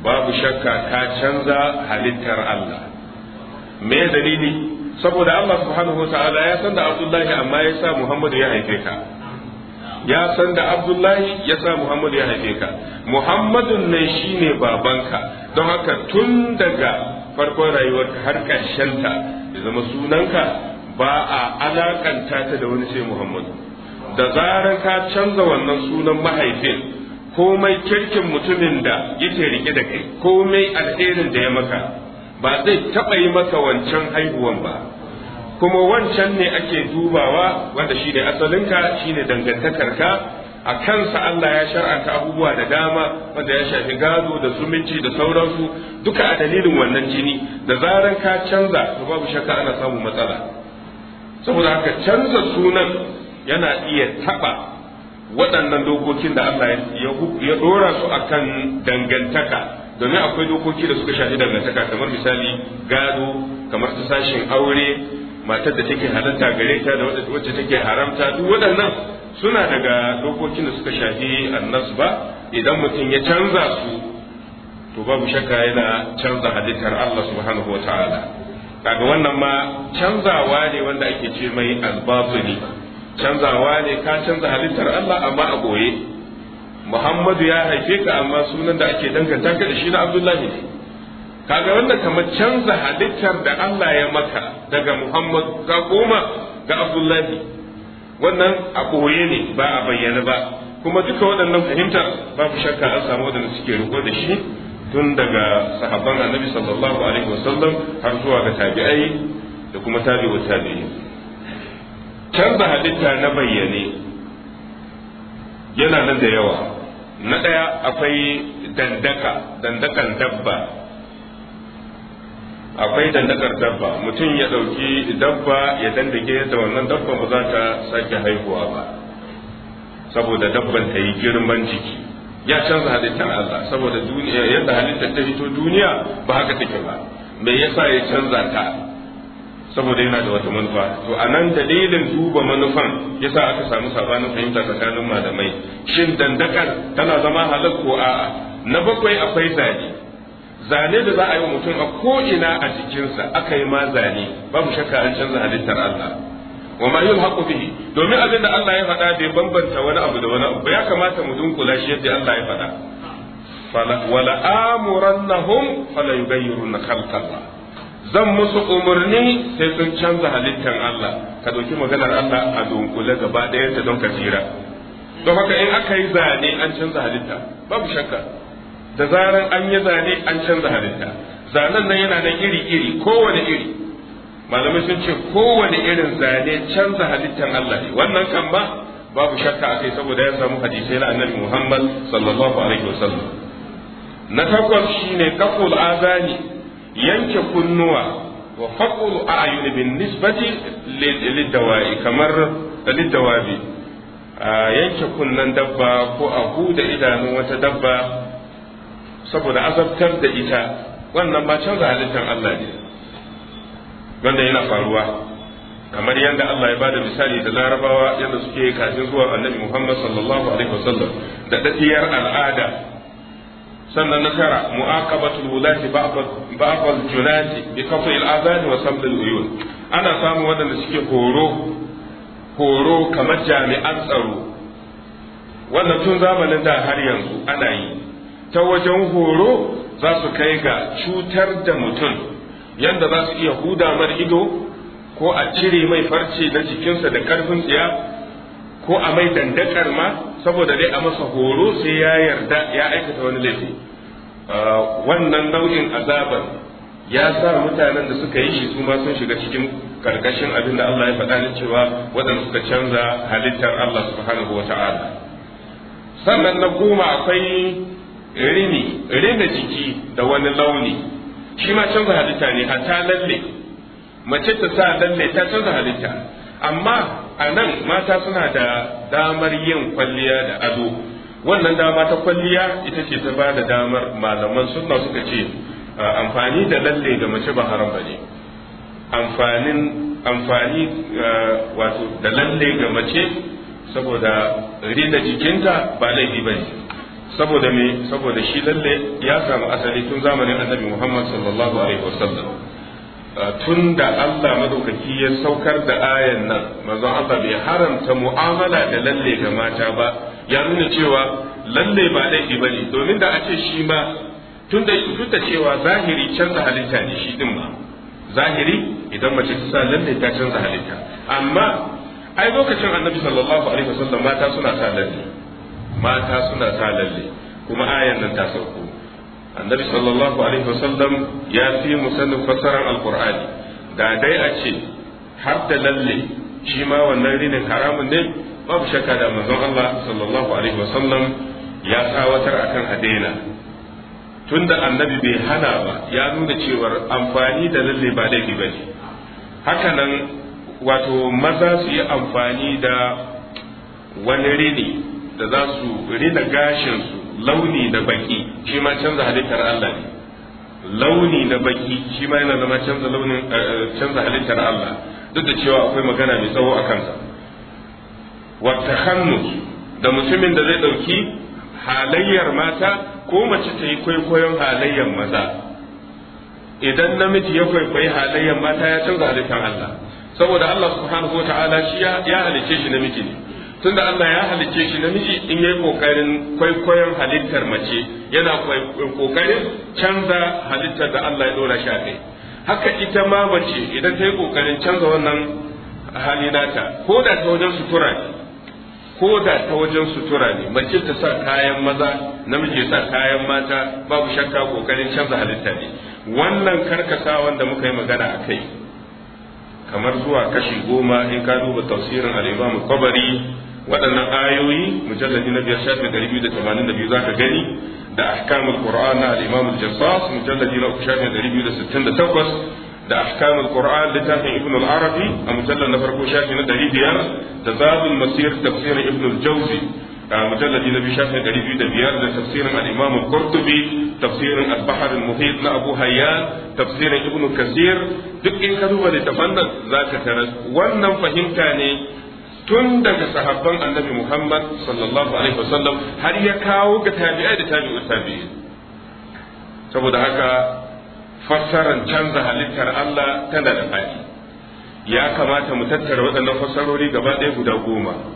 babu shakka ka canza halittar Allah me dalili saboda Allah subhanahu wa ta'ala ya san da Abdullahi amma ya sa Muhammadu ya haife ka ya san da abdullahi ya sa muhammadu ya haife ka muhammadun shi ne babanka don haka tun daga farkon rayuwarka har ta ya zama sunanka ba a alakanta ta da wani sai muhammadu da zarar ka canza wannan sunan mahaifin komai kirkin mutumin da yake rike da kai komai alherin da ya maka ba zai taɓa yi maka wancan haihuwan ba kuma wancan ne ake dubawa wanda shi ne asalinka shi ne dangantakarka a kansa Allah ya shar'anta abubuwa da dama wanda ya shafi gado da zumunci da sauransu duka a dalilin wannan jini da zaran ka canza to babu shakka ana samun matsala saboda haka canza sunan yana iya taba waɗannan dokokin da Allah ya dora su akan dangantaka domin akwai dokoki da suka shafi dangantaka kamar misali gado kamar ta sashen aure matar da take halatta gare ta da wacce take haramta duk waɗannan suna daga dokokin da suka shafi annas ba idan mutum ya canza su to babu shakka yana canza halittar Allah subhanahu wa ta'ala kaga wannan ma canzawa ne wanda ake ce mai albabuli canzawa ne ka canza halittar Allah amma a goye Muhammadu ya haife ka amma sunan da ake danganta ka da shi na Abdullahi kaga wanda kamar canza halittar da Allah ya maka daga Muhammad ka koma ga Abdullahi wannan a koye ne ba a bayyana ba kuma duka waɗannan fahimta babu shakka an samu waɗanda suke riko da shi tun daga sahabban annabi sallallahu alaihi wasallam har zuwa ga tabi'ai da kuma tabi'u tabi'i canza halitta na bayyane yana nan da yawa na ɗaya akwai dandaka dandakan dabba akwai dandakar dabba mutum ya ɗauki dabba ya dandake da wannan dabba ba za ta sake haihuwa ba saboda dabban ta yi girman jiki ya canza halittar Allah saboda yadda halittar ta fito duniya ba haka take ba me yasa ya canza ta saboda yana da wata manufa to a nan dalilin duba manufan yasa aka samu sabanin fahimta tsakanin malamai shin dandakar tana zama halal ko a'a na bakwai akwai zaji zane da za a yi wa mutum a ko'ina a jikinsa aka yi ma zane babu shakka an canza halittar Allah wa ma yulhaqu bihi domin abin da Allah ya faɗa bai bambanta wani abu da wani abu ya kamata mu dunkula shi yadda Allah ya faɗa wala amurannahum fala yughayyiruna khalqallah zan musu umarni sai sun canza halittar Allah ka dauki maganar Allah a dunkule gaba ɗaya ta don ka tsira don haka in aka yi zane an canza halitta babu shakka da zaran an yi zane an canza halitta zanen nan yana da iri iri kowane iri malamai sun ce kowane irin zane canza halittan Allah ne wannan kan ba babu shakka akai saboda ya samu hadisai na annabi Muhammad sallallahu alaihi wasallam na takwas shine kaful azani yanke kunnuwa wa faqul a'yun bin nisbati lidawai kamar lidawabi ah, yanke kunnan dabba ko a huda idanu wata dabba saboda azabtar da ita wannan ba canza halittar Allah ne wanda yana faruwa kamar yadda Allah ya bada misali da larabawa yadda suke kafin zuwa annabi Muhammad sallallahu alaihi wasallam da dadiyar al'ada sannan na tara mu'aqabatul wulati ba'dal junati bi qat'il azan wa samdil uyun ana samu wadanda suke horo horo kamar jami'an tsaro wannan tun zamanin da har yanzu ana yi ta wajen horo za su kai ga cutar da mutum yadda za su iya huda mar ido ko a cire mai farce da jikinsa da karfin tsiya ko a mai dandakar ma saboda dai a masa horo sai ya yarda ya aikata wani laifi ah, wannan nau'in azabar ya sa mutanen da suka yi shi su ma sun shiga cikin karkashin abin da Allah ya faɗa na cewa waɗanda suka canza halittar Allah subhanahu wa ta'ala sannan na goma akwai rini rina jiki da wani launi shi ma canza halitta ne hatta lalle mace ta sa lalle ta canza halitta amma a nan mata suna da damar yin kwalliya da ado wannan dama ta kwalliya ita ce ta ba da damar malaman sunna suka ce amfani da lalle ga mace ba haram ba ne amfanin amfani wato da lalle ga mace saboda rina jikinta ba laifi ba ne saboda me saboda shi lalle ya samu asali tun zamanin annabi Muhammad sallallahu alaihi wasallam tun da Allah madaukaki ya saukar da ayan nan manzon Allah bai haramta mu'amala da lalle ga mata ba ya nuna cewa lalle ba laifi bane domin da ake shi ma tun da duk cewa zahiri canza halitta ne shi din ma zahiri idan mace ta sa lalle ta canza halitta amma ai lokacin annabi sallallahu alaihi wasallam mata suna sa lalle mata suna sa lalle kuma ayan nan ta sauko annabi sallallahu alaihi wasallam ya fi musannin fassarar alqur'ani da dai a ce har da lalle shi ma wannan rinin haramun ne babu shakka da manzon Allah sallallahu alaihi wasallam ya tsawatar akan adena tunda annabi bai hana ba ya nuna cewa amfani da lalle ba laifi bane haka nan wato maza su yi amfani da wani rini da za su rina gashinsu launi da baki shi ma canza halittar Allah ne launi da baki shi ma yana zama canza launin eh, canza halittar Allah duk da cewa akwai magana mai tsawo a kansa wa hannu da mutumin da zai ɗauki halayyar mata ko mace ta yi kwaikwayon halayyar maza idan namiji ya kwaikwayi halayyar mata ya canza halittar Allah saboda Allah subhanahu wa ta'ala shi ya halice shi namiji ne tunda Allah ya halicce shi namiji in yi kokarin kwaikwayon halittar mace yana kokarin canza halittar da Allah ya dora shi kai haka ita ma mace idan ta yi kokarin canza wannan hali nata ko da ta wajen sutura ne ko da ta wajen sutura ne mace ta sa kayan maza namiji ya sa kayan mata babu shakka kokarin canza halitta ne wannan karkasawan da muka yi magana a kai kamar zuwa kashi goma in ka duba tafsirin al-imam qabari waɗannan ayoyi mujalladi na biyar shafi ɗari biyu da tamanin da biyu za ka gani da ahkamul qur'an na al-imam al-jassas mujalladi na uku shafi ɗari biyu da sittin da takwas da ahkam ahkamul qur'an littafin ibn al-arabi a mujallad na farko shafi na ɗari biyar da zadul masir tafsirin ibn al-jawzi mujalladi na biyu shafin ɗari biyu da biyar da tafsirin al-imam al tafsirin al-bahr na abu hayyan tafsirin ibn kasir duk in ka duba littafan nan zaka taras wannan fahimta ne tun daga sahabban annabi muhammad sallallahu alaihi wasallam har ya kawo ga tabi'ai da tabi'u tabi'i saboda haka fassarar canza halittar Allah tana da faɗi ya kamata mu tattara waɗannan fassarori gaba ɗaya guda goma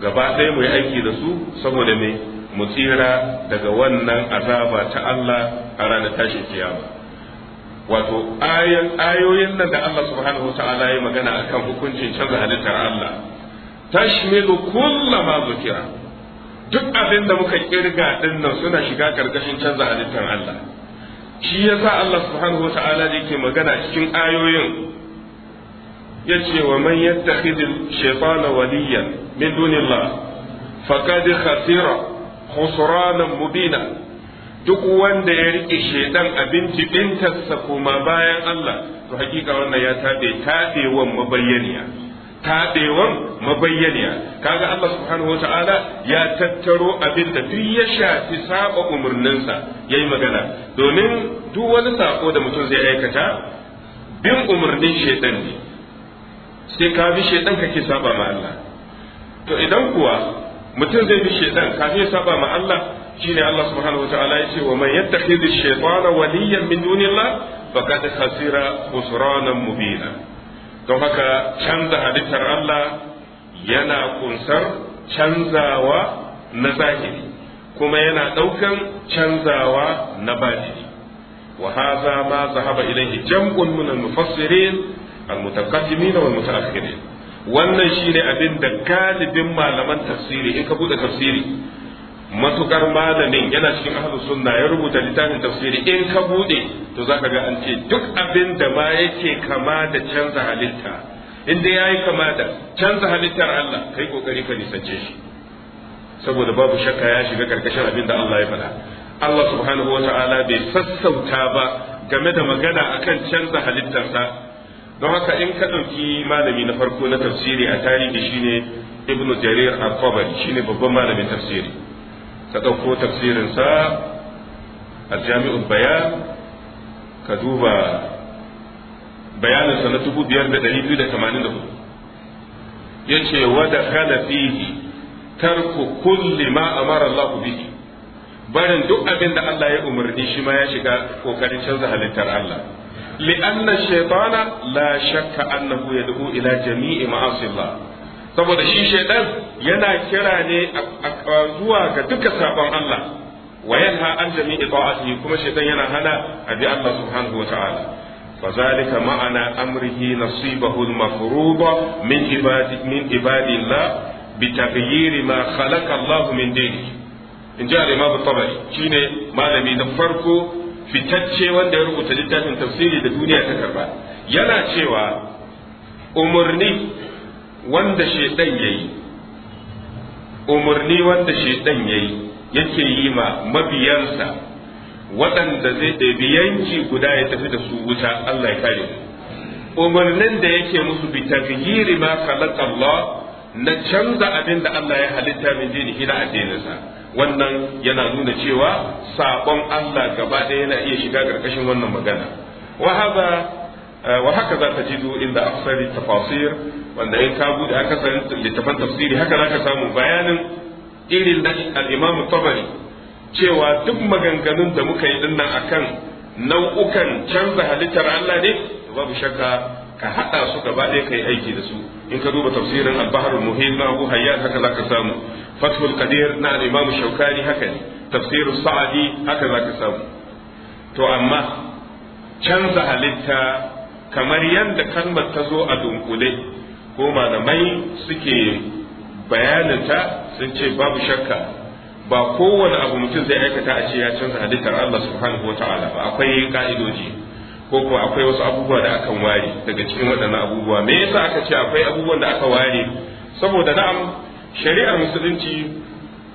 gaba ɗaya mu yi aiki da su saboda me mu tsira daga wannan azaba ta Allah a ranar tashin kiyama wato ayoyin nan da Allah subhanahu ta'ala ya magana akan hukuncin canza halittar Allah tashmilu kulla ma zukira duk abin da muka kirga din nan suna shiga karkashin canza halittar Allah shi yasa Allah subhanahu ta'ala yake magana cikin ayoyin yace wa man yattakhidhu shaytana waliyan min dunillah faqad khasira khusrana mubina duk wanda ya rike shaidan abin jibintarsa koma bayan Allah to hakika wannan ya tabe tabewan mabayyaniya tabewan mabayyaniya kaga Allah subhanahu wata'ala ya tattaro abin da duk ya shafi saba umarninsa yayi magana domin duk wani sako da mutum zai aikata bin umarnin shaidan ne sai ka bi shedan kake saba ma Allah to idan kuwa mutum zai bi shedan kafin ya saba ma Allah shine Allah subhanahu wataala ya ce wa man yattakhidh ash-shaytana waliyan min dunillah faqad khasira khusranan mubina don haka canza halittar Allah yana kunsar canzawa na zahiri kuma yana daukan canzawa na batini wa hadha ma zahaba ilayhi jam'un min al-mufassirin al-mutaqaddimin wal wannan shine abin da galibin malaman tafsiri in ka bude tafsiri matukar malamin yana cikin ahlus sunna ya rubuta littafin tafsiri in ka bude to ka ga an ce duk abin da ma yake kama da canza halitta in dai yayi kama da canza halittar Allah kai kokari ka nisance shi saboda babu shakka ya shiga karkashin abin da Allah ya faɗa Allah subhanahu wa ta'ala bai sassauta ba game da magana akan canza halittarsa don haka in ka ɗauki malami na farko na tafsiri a tarihi shine ibnu jarir al-qabari shine babban malamin tafsiri ka ɗauko tafsirinsa a jamiul bayan ka duba bayaninsa na 5284 yace wa dakhala fihi tarku kulli ma amara Allah bihi barin duk abin da Allah ya umarni shi ma ya shiga ƙoƙarin canza halittar Allah li'anna shaytana la shakka ya yad'u ila jami'i ma'asillah saboda shi shaiɗan yana kira ne zuwa ga duka sabon Allah wa yanha an jami'i ta'atihi kuma shaytan yana hana abi Allah subhanahu wa ta'ala فذلك معنى أمره نصيبه المفروض من عباد من عباد الله بتغيير ما خلق الله min دينه in ji al'imam tabari shine malami na farko fitacce wanda ya rubuta littafin tafsiri da duniya ta karba yana cewa umarni wanda shedan yayi umarni wanda shedan yayi yake yi ma mabiyansa waɗanda zai ɗabi yanki guda ya tafi da su wuta Allah ya kare umarnin da yake musu bi tafhiri ma khalaqa Allah na canza abin da Allah ya halitta min ina addinin addininsa wannan yana nuna cewa saƙon Allah gaba ɗaya yana iya shiga ƙarƙashin wannan magana wa eh, wa haka za ta jido inda aksari tafasir wanda in ka bude akasarin littafan tafsiri haka za ka samu bayanin irin da al tabari cewa duk maganganun da muka yi dinnan akan nau'ukan canza halittar Allah ne babu shakka ka haɗa su gaba ɗaya ka yi aiki da su in ka duba tafsirin al-bahrul muhim na Abu Hayyan haka zaka samu fathul qadir na al-imam shaukani haka ne tafsirin sa'adi haka zaka samu to amma canza halitta kamar yadda kalmar ta zo a dunkule ko malamai suke bayananta sun ce babu shakka ba kowane abu mutum zai aikata a ce ya canza halittar Allah subhanahu wa ba akwai ka'idoji ko kuma akwai wasu abubuwa da akan ware daga cikin waɗannan abubuwa me yasa aka ce akwai abubuwan da aka ware saboda na'am shari'ar musulunci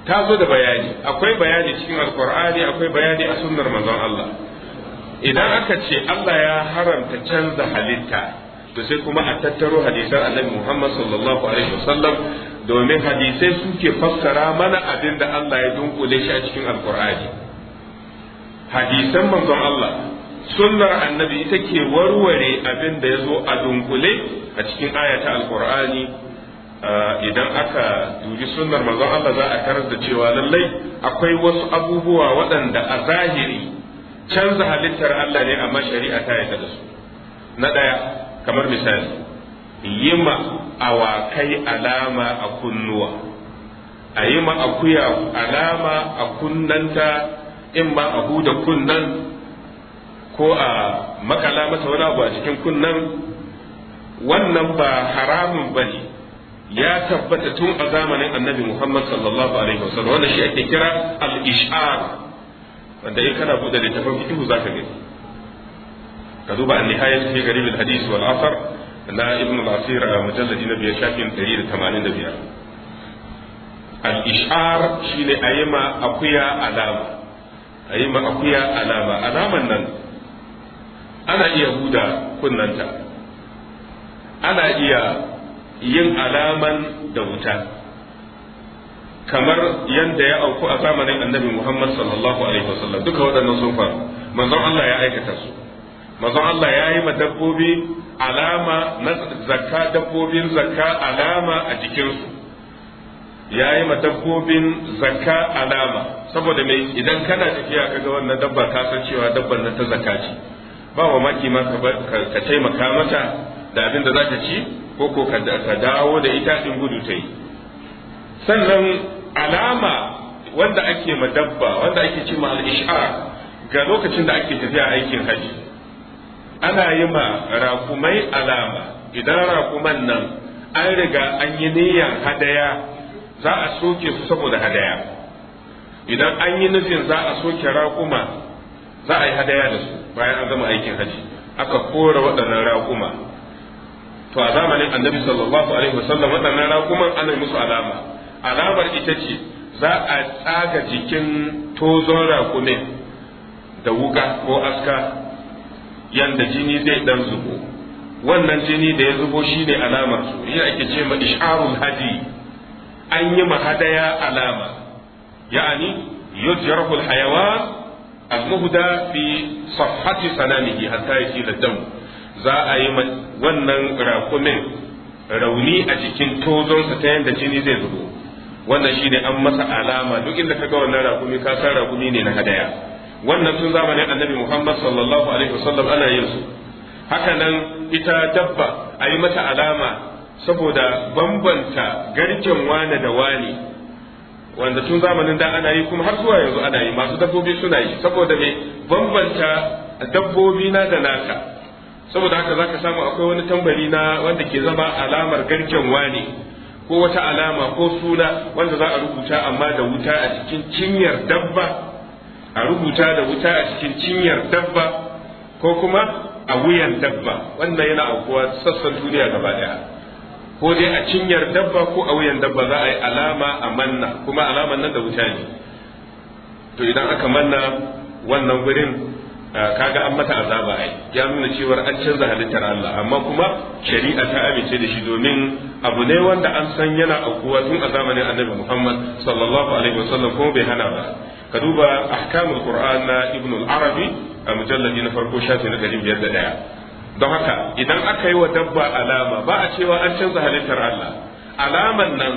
ta zo da bayani akwai bayani cikin alkur'ani akwai bayani a sunnar manzon Allah idan aka ce Allah ya haramta canza halitta to sai kuma a tattaro hadisan annabi Muhammad sallallahu alaihi wasallam domin hadisai suke fassara mana abin da Allah ya dunkule shi a cikin alkur'ani hadisan manzon Allah sunnar annabi ita ke warware abin da ya zo a dunkule a cikin ayata alkur'ani ah, idan aka dubi sunnar manzon Allah za a karar da cewa lallai akwai wasu abubuwa waɗanda a zahiri canza halittar Allah ne amma shari'a ta yadda da su na ɗaya kamar misali yima awakai alama a kunnuwa a ma akuya alama a kunnanta in ba a huda kunnan ko a makala masa wani abu a cikin kunnan wannan ba haramun ba ne ya tabbata tun a zamanin annabi muhammad sallallahu alaihi wasallam wanda shi ake kira al-ish'ar wanda in kana buɗe littafin fiqh zaka gani ka duba an nihayat fi garib al-hadith wal athar na ibn al-asir a mujalladi na biyar shafin da da tamanin biyar. al-ish'ar shi shine ayyama akuya alama ayyama akuya alama alaman nan ana iya huda kunnanta ana iya yin alaman da wuta kamar yadda ya auku a zamanin annabi Muhammad sallallahu alaihi wasallam duka waɗannan sun faru manzon Allah ya aikata su manzon Allah ya yi dabbobi alama na zakka dabbobin zakka alama a jikinsu ya yi dabbobin zakka alama saboda mai idan kana tafiya kaga wannan dabba ka san cewa dabban nan ta zakka ce ba wa maki ma ka taimaka mata da abin da za ta ci ko ko ka dawo da ita in gudu ta yi sannan alama wanda ake madabba wanda ake ci ma al-ish'ar ga lokacin da ake tafiya aikin haji ana yi ma rakumai alama idan rakuman nan an riga an yi niyyar hadaya za a soke su saboda hadaya idan an yi nufin za a soke rakuma za a yi hadaya da su bayan an gama aikin haji aka kora waɗannan raƙuma to a zamanin annabi sallallahu alaihi wasallam waɗannan raƙuman ana musu alama alamar ita ce za a tsaga jikin tozon raƙumin da wuka ko aska yanda jini zai dan zubo wannan jini da ya zubo shi ne alamar su ya ake ce ma isharul hadi an yi hadaya alama ya'ani yujrahu alhayawan al في صفحة safhati حتى hatta الدم dam za a yi wannan rauni a jikin tozonsa ta yadda jini zai zubo wannan shine an masa alama duk inda ka ga wannan rakumi ka san rakumi ne na hadaya wannan tun zamanin annabi Muhammad sallallahu alaihi wasallam ana yin su haka nan ita dabba a yi mata alama saboda bambanta garken wane da wani wanda tun zamanin da ana yi kuma har zuwa yanzu ana yi masu dabbobi suna yi saboda me bambanta dabbobi na da naka saboda haka zaka samu akwai wani tambari na wanda ke zama alamar garken wani ko wata alama ko suna wanda za a rubuta amma da wuta a cikin cinyar dabba a rubuta da wuta a cikin cinyar dabba ko kuma a wuyan dabba wannan yana aukuwa sassan duniya gaba daya ko dai a cinyar dabba ko a wuyan dabba za a yi alama a manna kuma alaman nan da wuta ne to idan aka manna wannan gurin kaga an mata azaba ai ya nuna cewar an canza halittar Allah amma kuma shari'a ta amince da shi domin abu ne wanda an san yana aukuwa tun a zamanin Annabi Muhammad sallallahu alaihi wasallam kuma bai hana ba ka duba ahkamul Qur'an na Ibn al-Arabi a mujalladi na farko shafi na daya. don haka idan aka yi wa dabba alama ba a cewa an canza halittar Allah alaman nan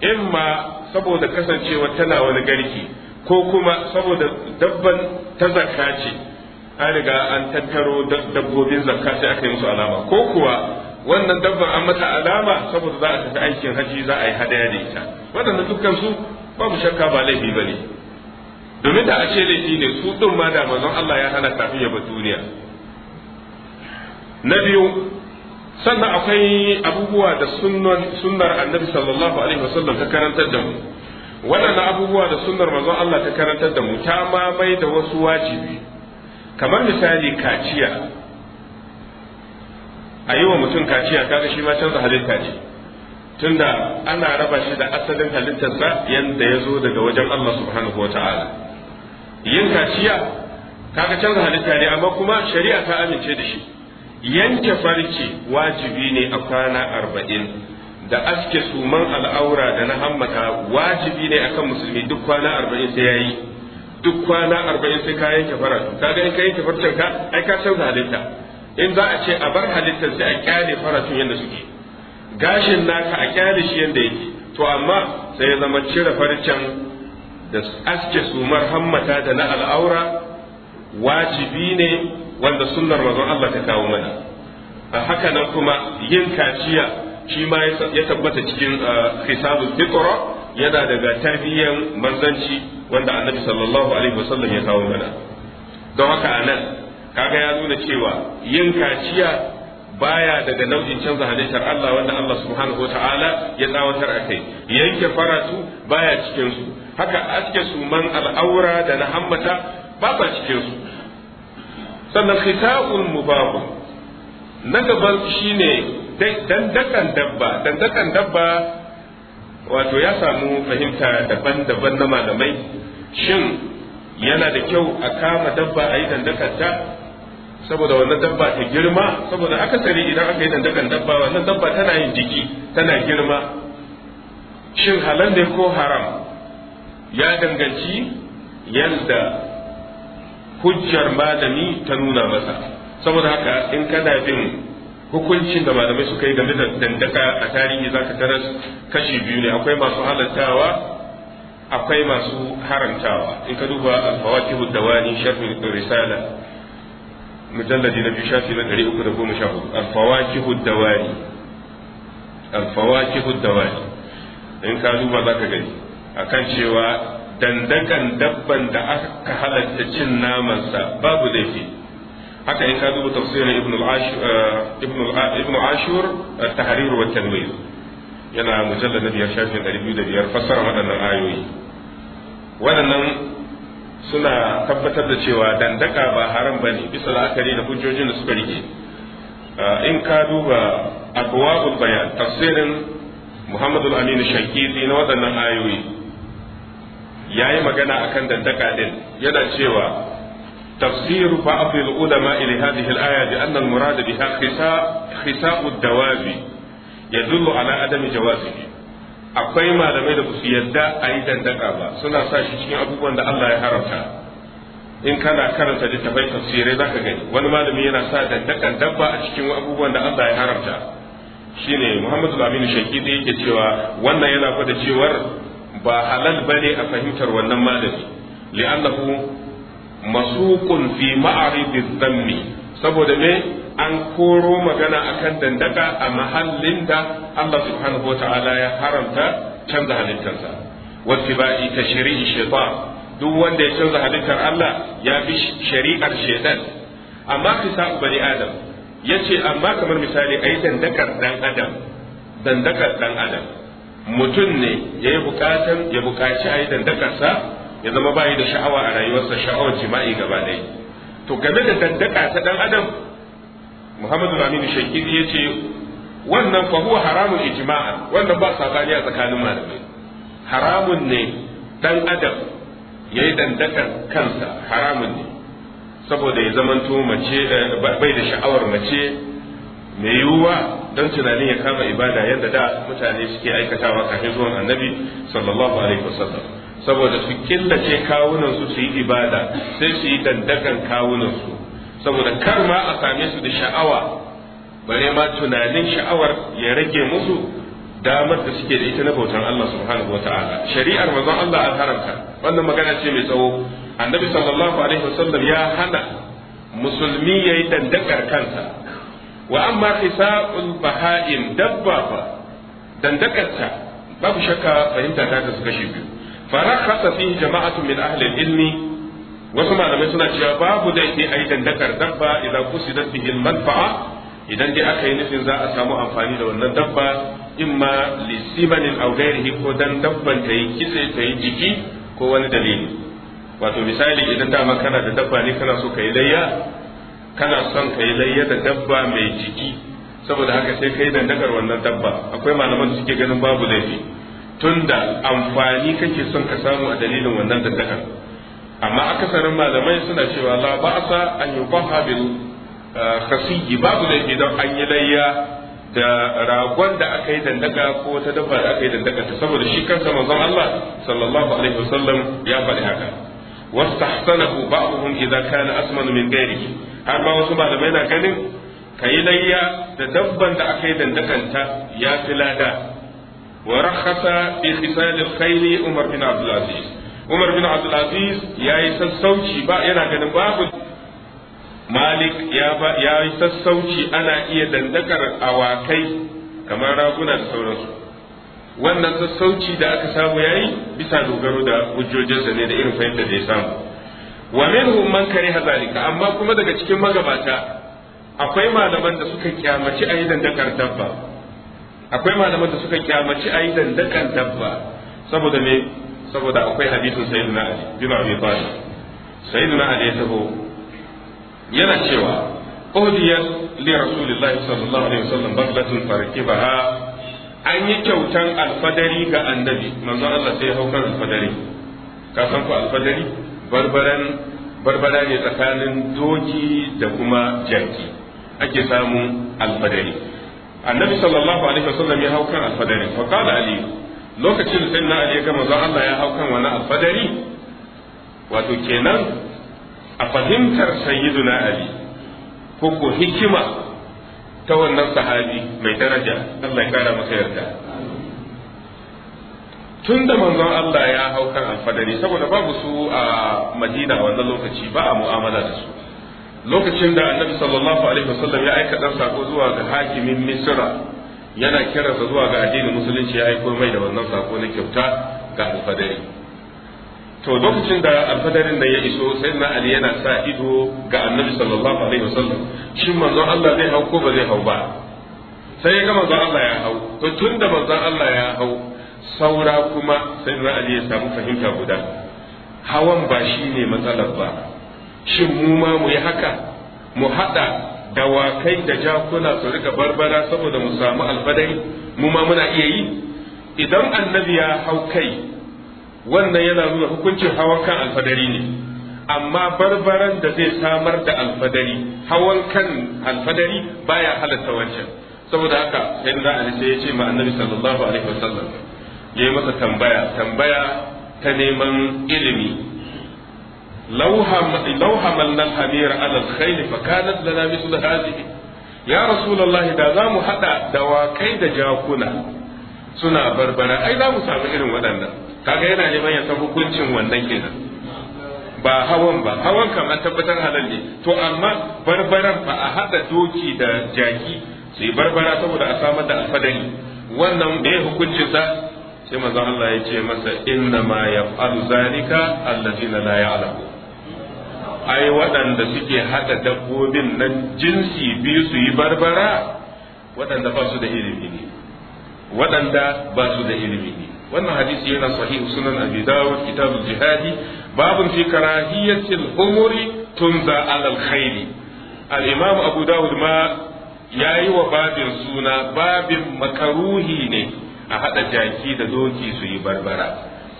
imma saboda kasancewa tana wani garki ko kuma saboda dabban ta zakka ce an riga an tattaro dabbobin zakka sai aka yi musu alama ko kuwa wannan dabban an mata alama saboda za a tafi aikin haji za a yi hadaya da ita waɗanda dukkan su babu shakka ba laifi ba ne domin da a ce laifi ne su ɗin ma da manzon Allah ya hana kafin ya duniya na biyu sannan akwai abubuwa da sunnar annabi sallallahu alaihi wasallam ta karantar da mu waɗannan abubuwa da sunnar manzon Allah ta karantar da mu ta ma bai da wasu wajibi kamar misali kaciya a yi mutum kaciya kaga shi ma canza halitta ce tunda ana raba shi da asalin halittarsa yadda ya zo daga wajen Allah subhanahu wa ta'ala yin kaciya kaga canza halitta ne amma kuma shari'a ta amince da shi yanke farce wajibi ne a kwana arba'in da aske suman al'aura da na hammata wajibi ne akan musulmi duk kwana arba'in sai yayi duk kwana arba'in sai ka yanke faratu ka ga in ka yanke farcen ka ai ka canza halitta in za a ce a bar halitta sai a kyale faratun yadda suke gashin naka a kyale shi yadda yake to amma sai ya zama cire farcen da aske sumar hammata da na al'aura wajibi ne wanda sunnar manzon Allah ta kawo mana a haka nan kuma yin kaciya shi ma ya tabbata cikin ah, hisabul fitra yana daga tarbiyyan manzanci wanda annabi sallallahu alaihi wasallam ya kawo mana don haka anan kaga ya nuna cewa yin kaciya baya daga nau'in canza halittar Allah wanda Allah subhanahu ta'ala ya tsawatar a kai yanke faratu baya cikin su haka aske suman al'aura da na hammata ba ba cikin su sannan khitabul mubaba na gaban shine dandakan dabba dandakan dabba wato ya samu fahimta daban-daban na malamai shin yana da kyau a kama dabba a yi dandakanta saboda wannan dabba ta girma saboda aka sani idan aka yi dandakan dabba wannan dabba tana yin jiki tana girma shin halal ne ko haram ya danganci yadda hujjar malami ta nuna masa saboda haka in kana bin hukuncin da malamai suka yi game da dandaka a tarihi za ka taras kashi biyu ne akwai masu halattawa akwai masu haramtawa in ka duba al-fawakihu dawani sharh risala mujalladi na biyu shafi na uku da 314 al-fawakihu dawani al-fawakihu dawani in ka duba za ka gani akan cewa dandakan dabban da aka halatta cin namansa babu laifi haka in ka duba tafsirin ibn al eh, ashur eh, tahrir wa tanwir yana mujallad na biyar shafin ɗari biyu da biyar fassara waɗannan ayoyi waɗannan suna tabbatar da cewa dandaka ba haram ba ne bisa la'akari da hujjojin da suka rike eh, in ka duba abuwa bayan tafsirin muhammadu al-amin shankiti na waɗannan ayoyi Ya yi magana akan dandaka din yana cewa تفسير بعض العلماء لهذه الآية بأن المراد بها خساء خساء الدواب يدل على عدم جوازه akwai malamai da su yadda a yi dandaka ba suna sa shi cikin abubuwan da Allah ya haramta in kana karanta littattafai tafsirai zaka gani wani malamin yana sa dandakan dabba a cikin abubuwan da Allah ya haramta shine Muhammadu Aminu Shakidi yake cewa wannan yana gwada cewar ba halal ba ne a fahimtar wannan malami li'annahu masu fi ma'arid dhammi saboda me an koro magana akan dandaka a mahallin da Allah subhanahu ta'ala ya haramta canza halittarsa wattiba'i tashri'i shaytan duk wanda ya canza halittar Allah ya bi shari'ar shaytan amma fisa bani adam yace amma kamar misali ai dandakar dan adam dandakar dan adam mutum ne ya yi bukatan ya bukaci a yi dandakarsa ya zama bayi da sha'awa a rayuwarsa sha'awar jima'i gaba ɗaya to game da dandaka ta ɗan adam muhammadu aminu shakiri ya ce wannan fa huwa haramun ijma'a wannan ba sabani a tsakanin malamai haramun ne ɗan adam ya yi dandakar kansa haramun ne saboda ya zamanto mace eh, bai da sha'awar mace mai yiwuwa don tunanin ya kama ibada yadda da mutane suke aikatawa kafin zuwan annabi sallallahu alaihi wasallam saboda su killace kawunan su su yi ibada sai su yi dandakan kawunan su saboda kar ma a same su da sha'awa bare ma tunanin sha'awar ya rage musu damar da suke da ita na bautan Allah subhanahu wataala shari'ar manzon Allah an haramta wannan magana ce mai tsawo annabi sallallahu alaihi wasallam ya hana musulmi yayi dandakar kansa wa amma khisa'ul baha'im dabba fa dandakarta babu shakka fahimta ta kasu kashi biyu farakhasa fi jama'atun min ahli ilmi wasu malamai suna cewa babu laifi a yi dandakar dabba idan kusidat bihi manfa'a idan dai aka yi nufin za a samu amfani da wannan dabba ima lisimanin aw ghairihi ko dan dabban ta yi kitse ta yi jiki ko wani dalili wato misali idan dama kana da dabba ni kana suka yi layya kana son ka yi layya da dabba mai jiki saboda haka sai kai dandakar wannan dabba akwai malaman da suke ganin babu laifi tunda amfani kake son ka samu a dalilin wannan dandakar amma akasarin malamai suna cewa la ba'sa an yuqaha bil ah, khasiyyi babu laifi don an yi layya da ragon da aka yi dandaka ko ta dabba da aka yi dandaka ta saboda shi kansa manzon Allah sallallahu alaihi wasallam ya faɗi haka wastahsanahu ba'dhum idza kana asman min ghairihi har ma wasu malamai na ganin Ka yi layya da dabban da aka yi dandakanta ya fi lada wa rakhasa bi khisal al Umar bin Abdul Aziz Umar bin Abdul Aziz yayi sassauci ba yana ganin babu Malik ya yi sassauci ana iya dandakar awakai kamar raguna da sauransu wannan sassauci da aka samu yayi bisa dogaro da hujjojinsa ne da irin fahimtar da ya samu wa minhum man kariha zalika amma kuma daga cikin magabata akwai malaman da suka kyamaci ayi dandakan dabba akwai malaman da suka kyamaci ayi dandakan dabba saboda me saboda akwai hadisin sayyidina ali bin abi talib sayyidina ali ya tabo yana cewa uhdiyat li rasulillahi sallallahu alaihi wasallam barbatun farqibaha an yi kyautan alfadari ga annabi manzo Allah sai ya hau kan alfadari ka san ku alfadari barbaran barbara ne tsakanin doki da kuma jaki ake samun alfadari annabi sallallahu alaihi wasallam ya hau kan alfadari fa qala ali lokacin sai na ali ga manzo Allah ya hau kan wani alfadari wato kenan a fahimtar sayyiduna ali ko ko hikima ta wannan sahabi mai daraja Allah ya kara masa yarda tun da manzon Allah ya hau kan alfadari saboda babu su a Madina wannan lokaci ba a mu'amala da su lokacin da annabi sallallahu alaihi wasallam ya aika dan sako zuwa ga hakimin Misra yana kiransa zuwa ga addinin musulunci ya aiko mai da wannan sako na kyauta ga alfadari to lokacin da alfadarin da ya iso sai na ali yana sa ido ga annabi sallallahu alaihi wasallam shin manzon Allah zai hau ko ba zai hau ba sai ya ga manzon Allah ya hau to tun da manzon Allah ya hau saura kuma sai na ali ya samu fahimta guda hawan ba shi ne matsalar ba shin mu ma mu yi haka mu haɗa dawakai da jakuna su rika barbara saboda mu samu alfadari mu ma muna iya yi idan annabi ya hau kai wannan yana nuna hukuncin hawan kan alfadari ne amma barbaran da zai samar da alfadari hawan kan alfadari baya halatta wancan saboda haka da ali sai ya ce ma annabi sallallahu alaihi wasallam ya masa tambaya tambaya ta neman ilimi law hamalna al-hamira ala al-khayl fa kanat lana mithlu hadhihi ya rasulullahi da zamu hada dawakai da jakuna suna barbara ai za mu samu irin waɗannan kaga yana neman ya san hukuncin wannan kenan ba hawan ba hawan kam an tabbatar halal ne to amma barbaran ba a haɗa doki da jaki sai barbara saboda a samar da alfadari wannan me hukuncin sa sai manzo Allah ya ce masa inna ma yaf'alu zalika alladina la ya'lamu ai waɗanda suke haɗa dabbobin na jinsi biyu su yi barbara waɗanda ba su da ilimi ne waɗanda ba su da ilimi ne wannan hadisi yana sahihu sunan abi dawud kitabul jihadi babun fi karahiyatil umuri tunza alal khairi al imam abu dawud ma yayi wa babin suna babin makaruhi ne a hada jaki da doki su yi barbara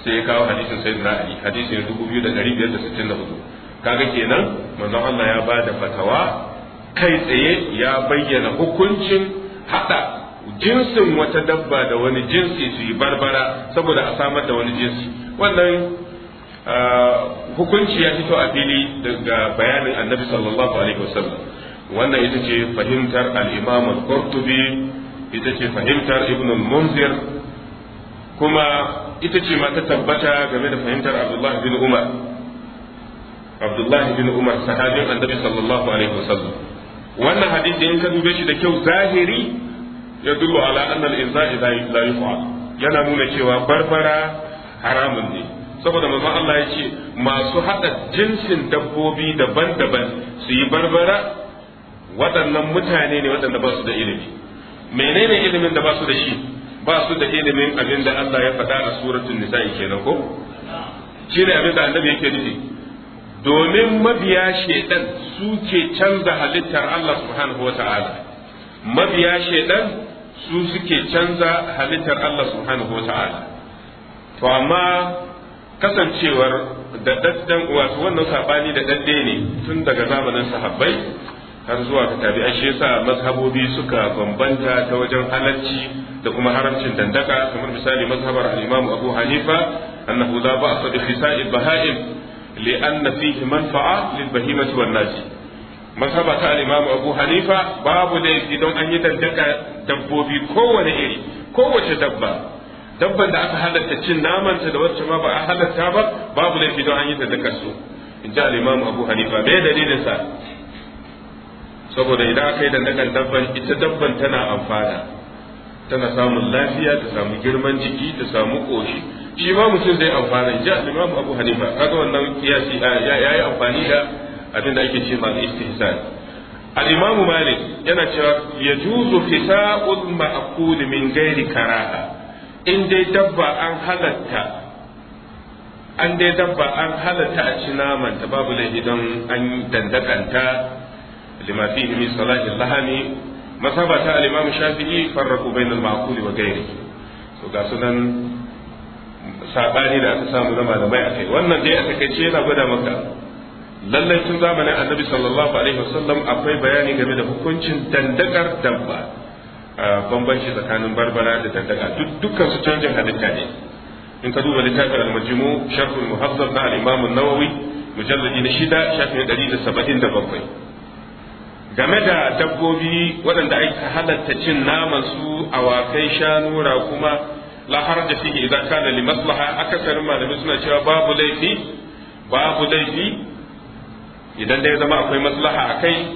sai ya kawo hadisin sayyidina ali hadisin 2564 kaga kenan manzon Allah ya bada fatawa kai tsaye ya bayyana hukuncin hada jinsin wata dabba da wani jinsi su yi barbara saboda a samar da wani jinsi wannan ah, hukunci ya fito a fili daga bayanin annabi sallallahu alaihi wasallam wannan ita ce fahimtar al-imam al-qurtubi ita ce fahimtar ibn al-munzir kuma ita ce ma ta tabbata game da fahimtar abdullahi bin umar abdullahi bin umar sahabin annabi sallallahu alaihi wasallam wannan hadisi in ka dube shi da kyau zahiri yadullu ala anna al-insa idza yuf'al yana nuna cewa barbara haramun ne saboda manzo Allah ya ce masu hada jinsin dabbobi daban-daban su yi barbara waɗannan mutane ne waɗanda ba su da ilimi menene ilimin da ba su da shi ba su da ilimin abin da Allah ya faɗa a suratul nisa'i kenan ko shine abin da annabi yake nufi domin mabiya shedan suke canza halittar Allah subhanahu wata'ala mabiya shedan su suke canza halittar Allah subhanahu wa ta'ala to amma kasancewar da daddan wasu wannan saɓani da dadde ne tun daga zamanin sahabbai har zuwa ta tabi shi yasa mazhabobi suka bambanta ta wajen halacci da kuma haramcin dandaka kamar misali mazhabar al-Imam Abu Hanifa annahu la ba'sa bi khisa'il baha'im li'anna fihi manfa'a lil bahimati wan naji mazhaba ta al-Imam Abu Hanifa babu dai idan an yi dandaka dabbobi kowane iri kowace dabba dabban da aka halatta cin namanta da wacce ma ba a halatta ba babu dai idan an yi dandaka su in ji al-Imam Abu Hanifa me dalilin sa saboda idan aka yi dandakan dabban ita dabban tana amfana tana samun lafiya ta samu girman jiki ta samu koshi shi ma mutum zai amfana in ji al-Imam Abu Hanifa kaga wannan kiyasi ya yi amfani da abin da ake ce ma istihsan al-imam malik yana cewa yajuzu fisa'ul ma'qul min ghairi karaha in dai dabba an halatta an dai dabba an halatta a ci naman ta babu laifi don an dandakanta lima fihi min salahi lahani masabata al-imam shafi'i farraqu bainal ma'qul wa ghairihi to ga sunan saɓani da aka samu na malamai a wannan dai a takaice yana gwada maka lallai tun zamanin annabi sallallahu alaihi wasallam akwai bayani game da hukuncin dandakar dabba bambanci tsakanin barbara da dandaka dukkan su canjin halitta ne in ka duba littafin al-majmu sharh al-muhazzab na al-imam an-nawawi mujalladi na shida da bakwai. game da dabbobi waɗanda aka halatta cin naman su awakai shanu kuma la harja fihi idan kana li maslaha akasarin malamai suna cewa babu laifi babu laifi idan da ya zama akwai maslaha a kai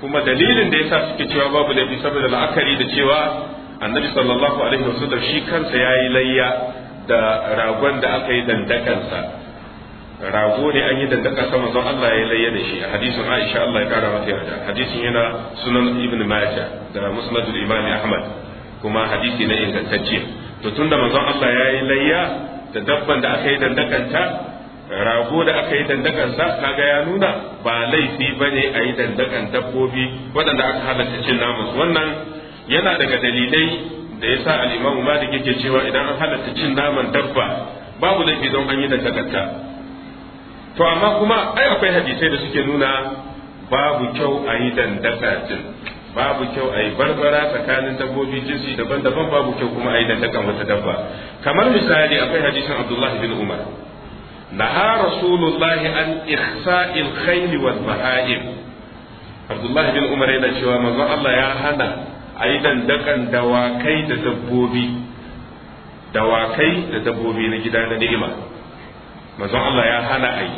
kuma dalilin da ya sa suke cewa babu laifi saboda la'akari da cewa annabi sallallahu alaihi wasallam shi kansa ya yi layya da ragon da aka yi dandakansa rago ne an yi dandaka sama zan Allah ya layya da shi a hadisin Aisha Allah ya kara mata yarda hadisin yana sunan Ibn Majah da Musnadul Imam Ahmad kuma hadisi na ingantacce to tunda manzon Allah ya yi layya da dabban da aka yi dandakanta rago da aka yi dandakan sa kaga ya nuna ba laifi bane a yi dandakan dabbobi waɗanda aka halatta cin su. wannan yana daga dalilai da yasa al-Imam Malik yake cewa idan an halarta cin naman dabba babu laifi don an yi dandakanta to amma kuma ai akwai hadisai da suke nuna babu kyau a yi dandaka din babu kyau a yi barbara tsakanin dabbobi jinsi daban-daban babu kyau kuma a yi dandakan wata dabba kamar misali akwai hadisin Abdullah bin Umar naha rasulullahi an ihsa'il khayl wal baha'im abdullahi bin umar yana cewa manzon Allah ya hana ayi dandakan dawakai da dabbobi dawakai da dabbobi na gida na ni'ima manzon Allah ya hana ayi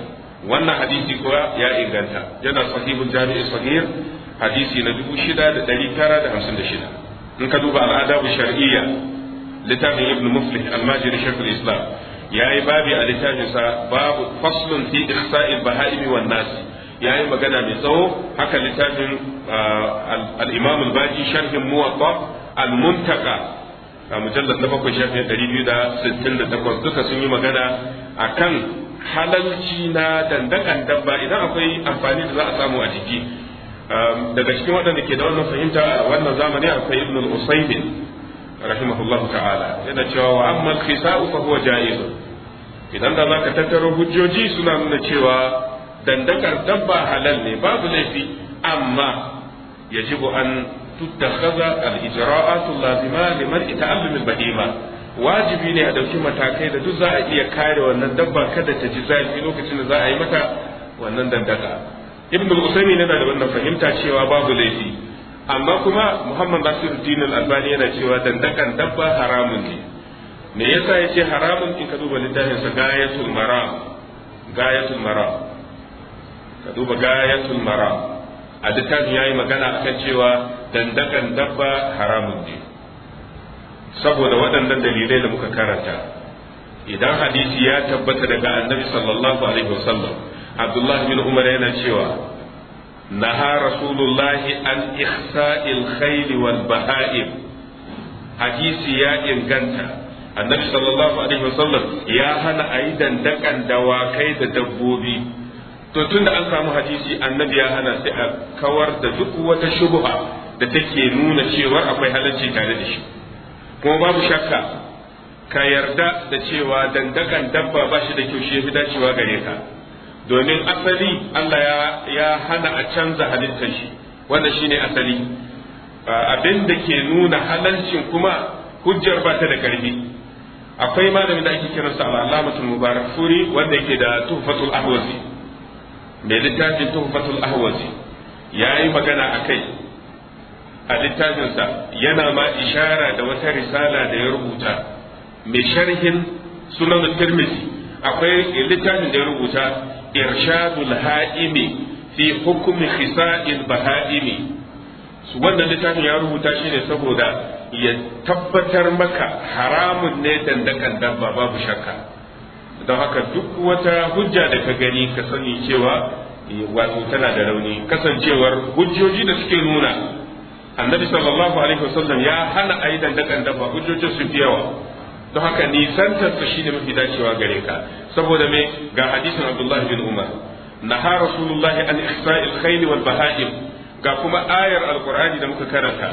wannan hadisi kuwa ya inganta yana sahihul jami'i sahih hadisi na 6956 in ka duba al'adabu shar'iyya littafin ibn muflih almajiri shaykhul islam yayi babi a littafin sa babu faslun fi ihsa'il baha'imi wan nas yayi magana mai tsawo haka littafin al-Imam al-Baji sharhin Muwatta al-Muntaka a mujallad na bakwai shafin ɗari biyu da sittin da takwas duka sun yi magana akan halalci na dandakan dabba idan akwai amfani da za a samu a jiki daga cikin waɗanda ke da wannan fahimta a wannan zamani akwai ibn al-Usaymin rahimahullahu ta'ala yana cewa wa amma al-khisa'u fa huwa jaiz idan da zaka tattaro hujjoji suna nuna cewa dandakar dabba halal ne babu laifi amma yajibu an tuttakhadha al-ijra'atu al-lazima liman ta'allum al-bahima wajibi ne a dauki matakai da duk za a iya kare wannan dabba kada ta ji zafi lokacin da za a yi mata wannan dandaka ibn al yana da wannan fahimta cewa babu laifi amma kuma muhammad nasiruddin al-albani yana cewa dandakan dabba haramun ne me yasa ya ce haramun in ka duba littafin sa gayatul mara gayatul mara ka duba gayatul mara a littafin yayi magana akan cewa dandakan dabba haramun ne saboda waɗannan dalilai da muka karanta idan hadisi ya tabbata daga annabi sallallahu alaihi wasallam abdullahi bin umar yana cewa نهى رسول الله عن إخساء الخيل والبهائم حديث يا إنجنتا النبي صلى الله عليه وسلم يا هنا أيضا دكا دواكي دبوبي to tun da an samu hadisi annabi ya hana sai a kawar da duk wata shubha da take nuna cewar akwai halarci tare da shi kuma babu shakka ka yarda da cewa dandakan dabba ba shi da kyau shi ya fi dacewa gare ka domin asali Allah ya hana a canza halittar shi wanda shine asali abin da ke nuna halancin kuma hujjar ba ta da karfi akwai malamin da ake kiransa al'alamatul mubarak furi wanda yake da tuhfatul ahwazi mai littafin tuhfatul ahwazi ya yi magana a kai a littafinsa yana ma ishara da wata risala da ya rubuta mai sharhin sunan tirmidhi akwai littafin da ya rubuta irshadul ha'imi fi hukumi khisa'il baha'imi wannan littafin ya rubuta shi ne saboda ya tabbatar maka haramun ne dandakan dabba babu shakka don haka duk wata hujja da ka gani ka sani cewa eh, wato tana da rauni kasancewar hujjoji da suke nuna annabi sallallahu alaihi wasallam ya hana ayi dandakan dabba hujjojin su fi yawa don haka nisantarsa shi ne mafi dacewa gare ka saboda me ga hadisin abdullahi bin umar naha rasulullahi an isra'il khayli wal baha'im ga kuma ayar alqur'ani da muka karanta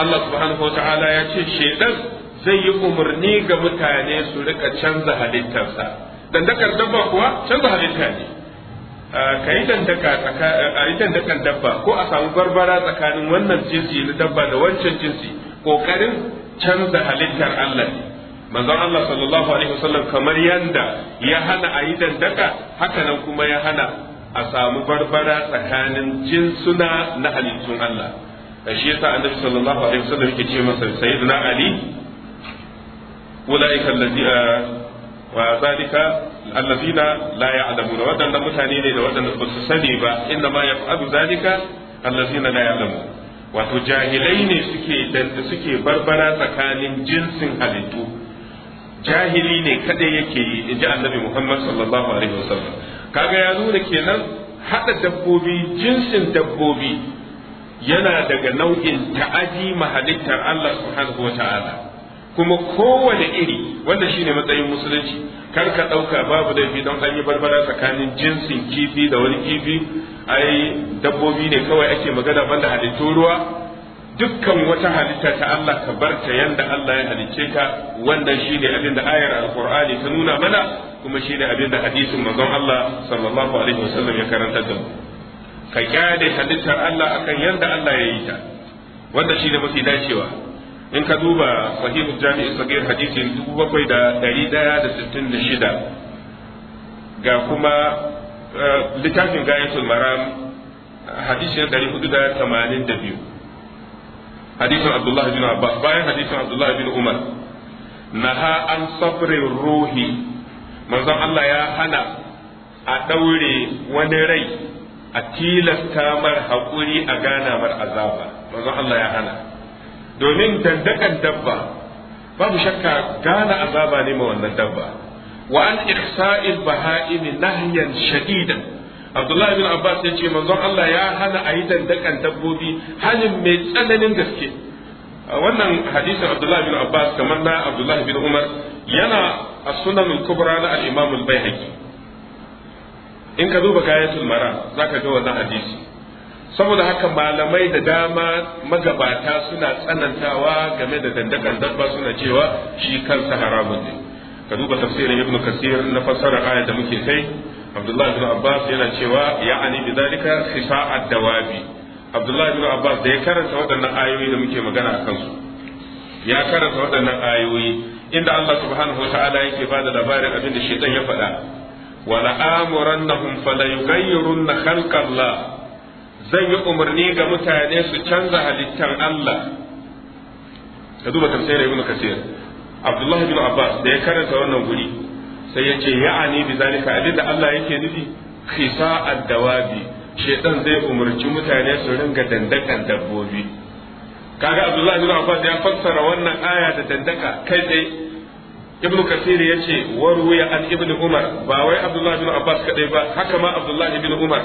Allah subhanahu wataala ya ce shedan zai yi umarni ga mutane su rika canza halittarsa dandakar dabba kuwa canza halitta ne ka yi dandakan dabba ko a samu barbara tsakanin wannan jinsi na dabba da wancan jinsi Ƙoƙarin canza halittar Allah ne manzon Allah sallallahu alaihi wasallam kamar yanda ya hana a yi dandaka haka nan kuma ya hana a samu barbara tsakanin jinsuna na halittun Allah shi yasa annabi sallallahu alaihi wasallam yake ce masa sayyidina ali ulaika allazi wa zalika allazina la ya'lamun wadannan mutane ne da wadanda ba su sani ba inna ma yaf'alu zalika allazina la ya'lamun wato jahilai ne suke suke barbara tsakanin jinsin halittu jahili ne kadai yake yi in ji annabi Muhammad sallallahu alaihi wasallam kaga ya nuna kenan hada dabbobi jinsin dabbobi yana daga nau'in ta'adi mahalittar Allah subhanahu ta'ala kuma kowane iri wanda shine matsayin musulunci kar ka dauka babu laifi don an yi barbara tsakanin jinsin kifi da wani kifi ai dabbobi ne kawai ake magana banda halittun ruwa dukkan wata halitta ta Allah ka barta yanda Allah ya halicce ka wannan shine abin da ayar alqur'ani ta nuna mana kuma shine abin da hadisin manzon Allah sallallahu alaihi wasallam ya karanta da mu ka kyade halittar Allah akan yanda Allah ya yi ta wannan shine mafi dacewa in ka duba sahih jami'i sagir hadisin 7166 ga kuma eh, littafin gayatul maram hadisin 482 hadisin bayan hadisin abdullahi bin umar naha an sabrin ruhi manzon Allah ya hana a ɗaure wani rai a tilasta mar haƙuri a gana mar azaba manzon Allah ya hana domin dandakan dabba babu shakka gana azaba ne ma wannan dabba wa an ihsa'il baha'imi nahyan shadidan abdullahi bin abbas ya ce manzon allah ya hana a yi dandakan dabbobi hanin mai tsananin gaske wannan hadisin abdullahi bin abbas kamar na bin umar yana a sunan kubra na al-imam al-baihaqi in ka duba kayan mara zaka ga wannan hadisi saboda haka malamai da dama magabata suna tsanantawa game da dandakan dabba suna cewa shi kansa haramun ne ka duba tafsirin ibnu kasir na fassara aya da muke kai abdullahi bin abbas yana cewa ya ani bi zalika khisa'ad dawabi abdullahi bin abbas da ya karanta waɗannan ayoyi da muke magana a kansu ya karanta waɗannan ayoyi inda Allah subhanahu wa ta'ala yake bada labarin abin da shaitan ya faɗa wala amurannahum fala yughayyirunna khalqallah zan yi umarni ga mutane su canza halittar Allah ka duba tafsirin ibn kasir Abdullahi bin Abbas da ya karanta wannan guri sai yace ya'ani bi zalika abinda Allah yake nufi ad dawabi shedan zai umarci mutane su ringa dandakan dabbobi kaga Abdullahi bin Abbas ya fassara wannan aya da dandaka kai tsaye Ibn Kathir yace ya an Ibn Umar ba wai Abdullahi bin Abbas kadai ba haka ma Abdullahi bin Umar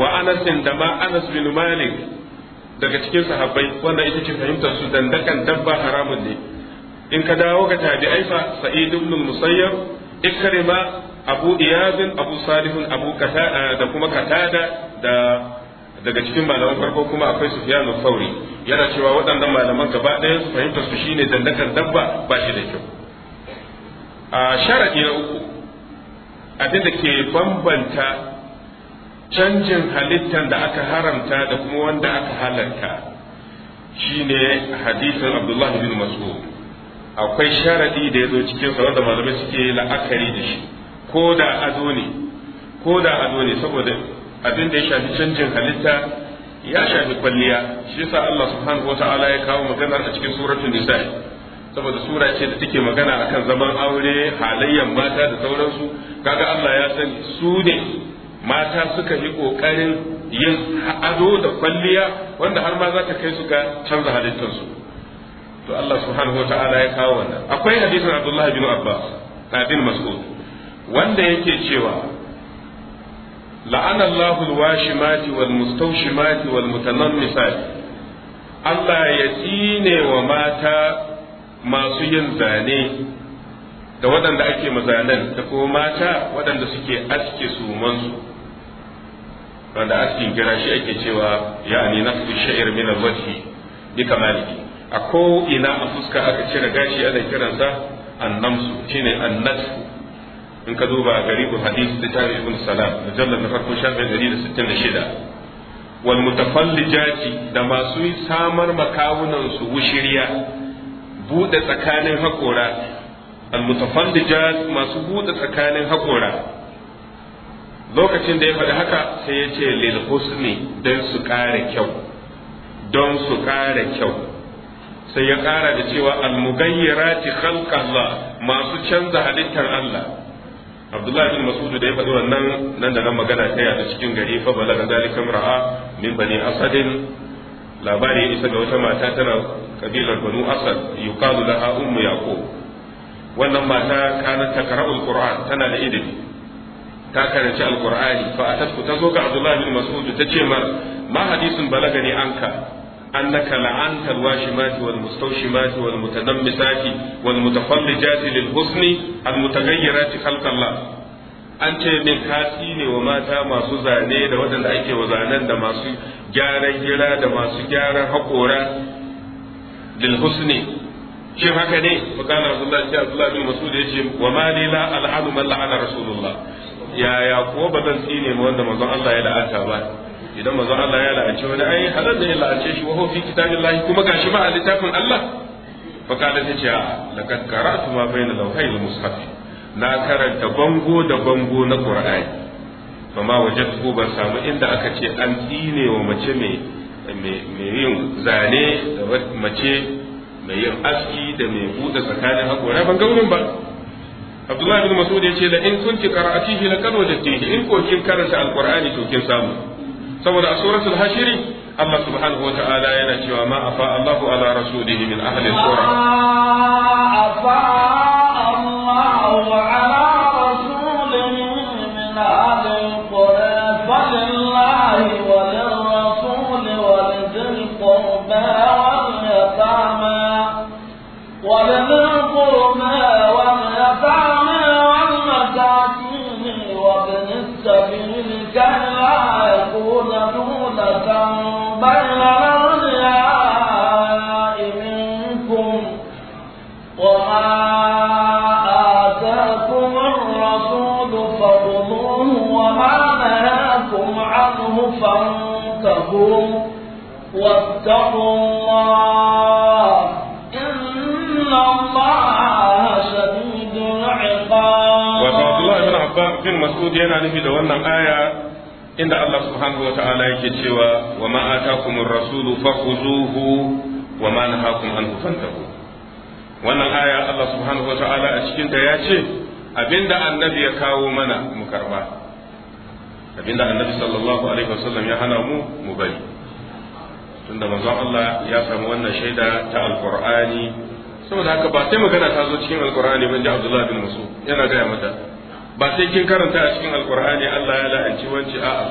wa Anas da ma Anas bin Malik daga cikin sahabbai wannan ita ce fahimtar su dandakan dabba haramun ne in ka dawo ga tabi'ai fa sa'id ibn musayyab ikrima abu iyad abu salih abu qatada eh, da kuma qatada da daga cikin malaman farko kuma akwai sufyan al-thawri yana cewa waɗannan malaman gaba ɗaya su fahimta su shine dandakan dabba ba shi da kyau a sharadi na uku abin da ke bambanta canjin halittar da aka haramta da kuma wanda aka halarta shine hadisin abdullahi bin mas'ud akwai sharadi da ya zo cikin sa wanda malamai suke la'akari da shi ko da ado ne ko da ado ne saboda abin da ya shafi canjin halitta ya shafi kwalliya shi yasa Allah subhanahu wata'ala ya kawo magana a cikin suratul nisa saboda sura ce da take magana akan zaman aure halayyan mata da sauransu kaga Allah ya sani su ne mata suka yi kokarin yin ado da kwalliya wanda har ma za ta kai su ga canza halittarsu to Allah subhanahu wa ta'ala ya kawo wannan akwai hadisin Abdullah bin Abbas bin Mas'ud wanda yake cewa la'ana Allahu al-washimati wal mustawshimati wal Allah ya tsine wa mata masu yin zane da waɗanda ake mazanen da kuma mata waɗanda suke aske sumansu wanda askin gira shi ake cewa ya ne na fi sha'ir min alwajhi bi kamalihi a ko ina a fuska aka cire gashi ana kiransa annamsu shine annasu in ka duba garibu hadisi da tarihi ibn salam mujallad na farko shafin 166 wal mutafallijati da masu samar makawunan su wushiriya bude tsakanin hakora al mutafallijat masu bude tsakanin hakora lokacin da ya faɗi haka sai ya ce lil husni don su ƙara kyau don su ƙara kyau sai ya ƙara da cewa al khalqallah masu canza halittar Allah Abdullahi bin Mas'ud da ya faɗi wannan nan da nan magana ta yada cikin gari fa balaga zalika mar'a min bani asadin labari ya isa ga wata mata tana kabilar banu asad yuqalu laha ummu yaqub wannan mata kana takra'ul qur'an tana da ilimi ta karanci alqur'ani fa ta zo ga Abdullahi bin Mas'ud tace mar ma hadisin ne anka أنك لعنت الواشمات والمستوشمات والمتنمسات والمتفلجات للحسن المتغيرات خلق الله an ce min kasi ne wa mata masu zane da waɗanda ake zanen da masu gyaran gira da masu gyaran haƙora lil husni haka ne fakana rasulullah sai abdullah bin masud yace wa ma li la man la'ana rasulullah ya ko ba zan tsine wanda manzon Allah ya la'anta ba idan manzon Allah ya la'ance wani ai halal ne ya la'ance shi wa huwa fi kitabillahi kuma gashi ma a littafin Allah fa kana ta ce laqad qara'tu ma bayna lawhayil mushaf na karanta bango da bango na Qur'ani fa ma wajadtu ban samu inda aka ce an tsine wa mace mai mai yin zane da mace mai yin aski da mai buɗe tsakanin haƙora ban ga wurin ba Abdullahi bin Mas'ud ya ce la in kunti qara'atihi laqad wajadtihi in ko kin karanta alqur'ani to kin samu saboda a suratul hashiri Allah subhanahu wata'ala yana cewa ma afa Allahu ala rasulihi min ahli sura mas'ud yana nufi da wannan aya inda Allah subhanahu wata'ala yake cewa wa ma atakumur rasulu fakhuzuhu wa ma nahakum an fantahu wannan aya Allah subhanahu wata'ala a cikin ta yace abinda annabi ya kawo mana mu karba abinda annabi sallallahu alaihi wasallam ya hana mu mu bari tunda manzon Allah ya samu wannan shaida ta alqur'ani saboda haka ba sai magana ta zo cikin alqur'ani ban ji Abdullah bin Mas'ud yana gaya mata ba sai kin karanta a cikin alkur'ani Allah ya la'anci wanci a'a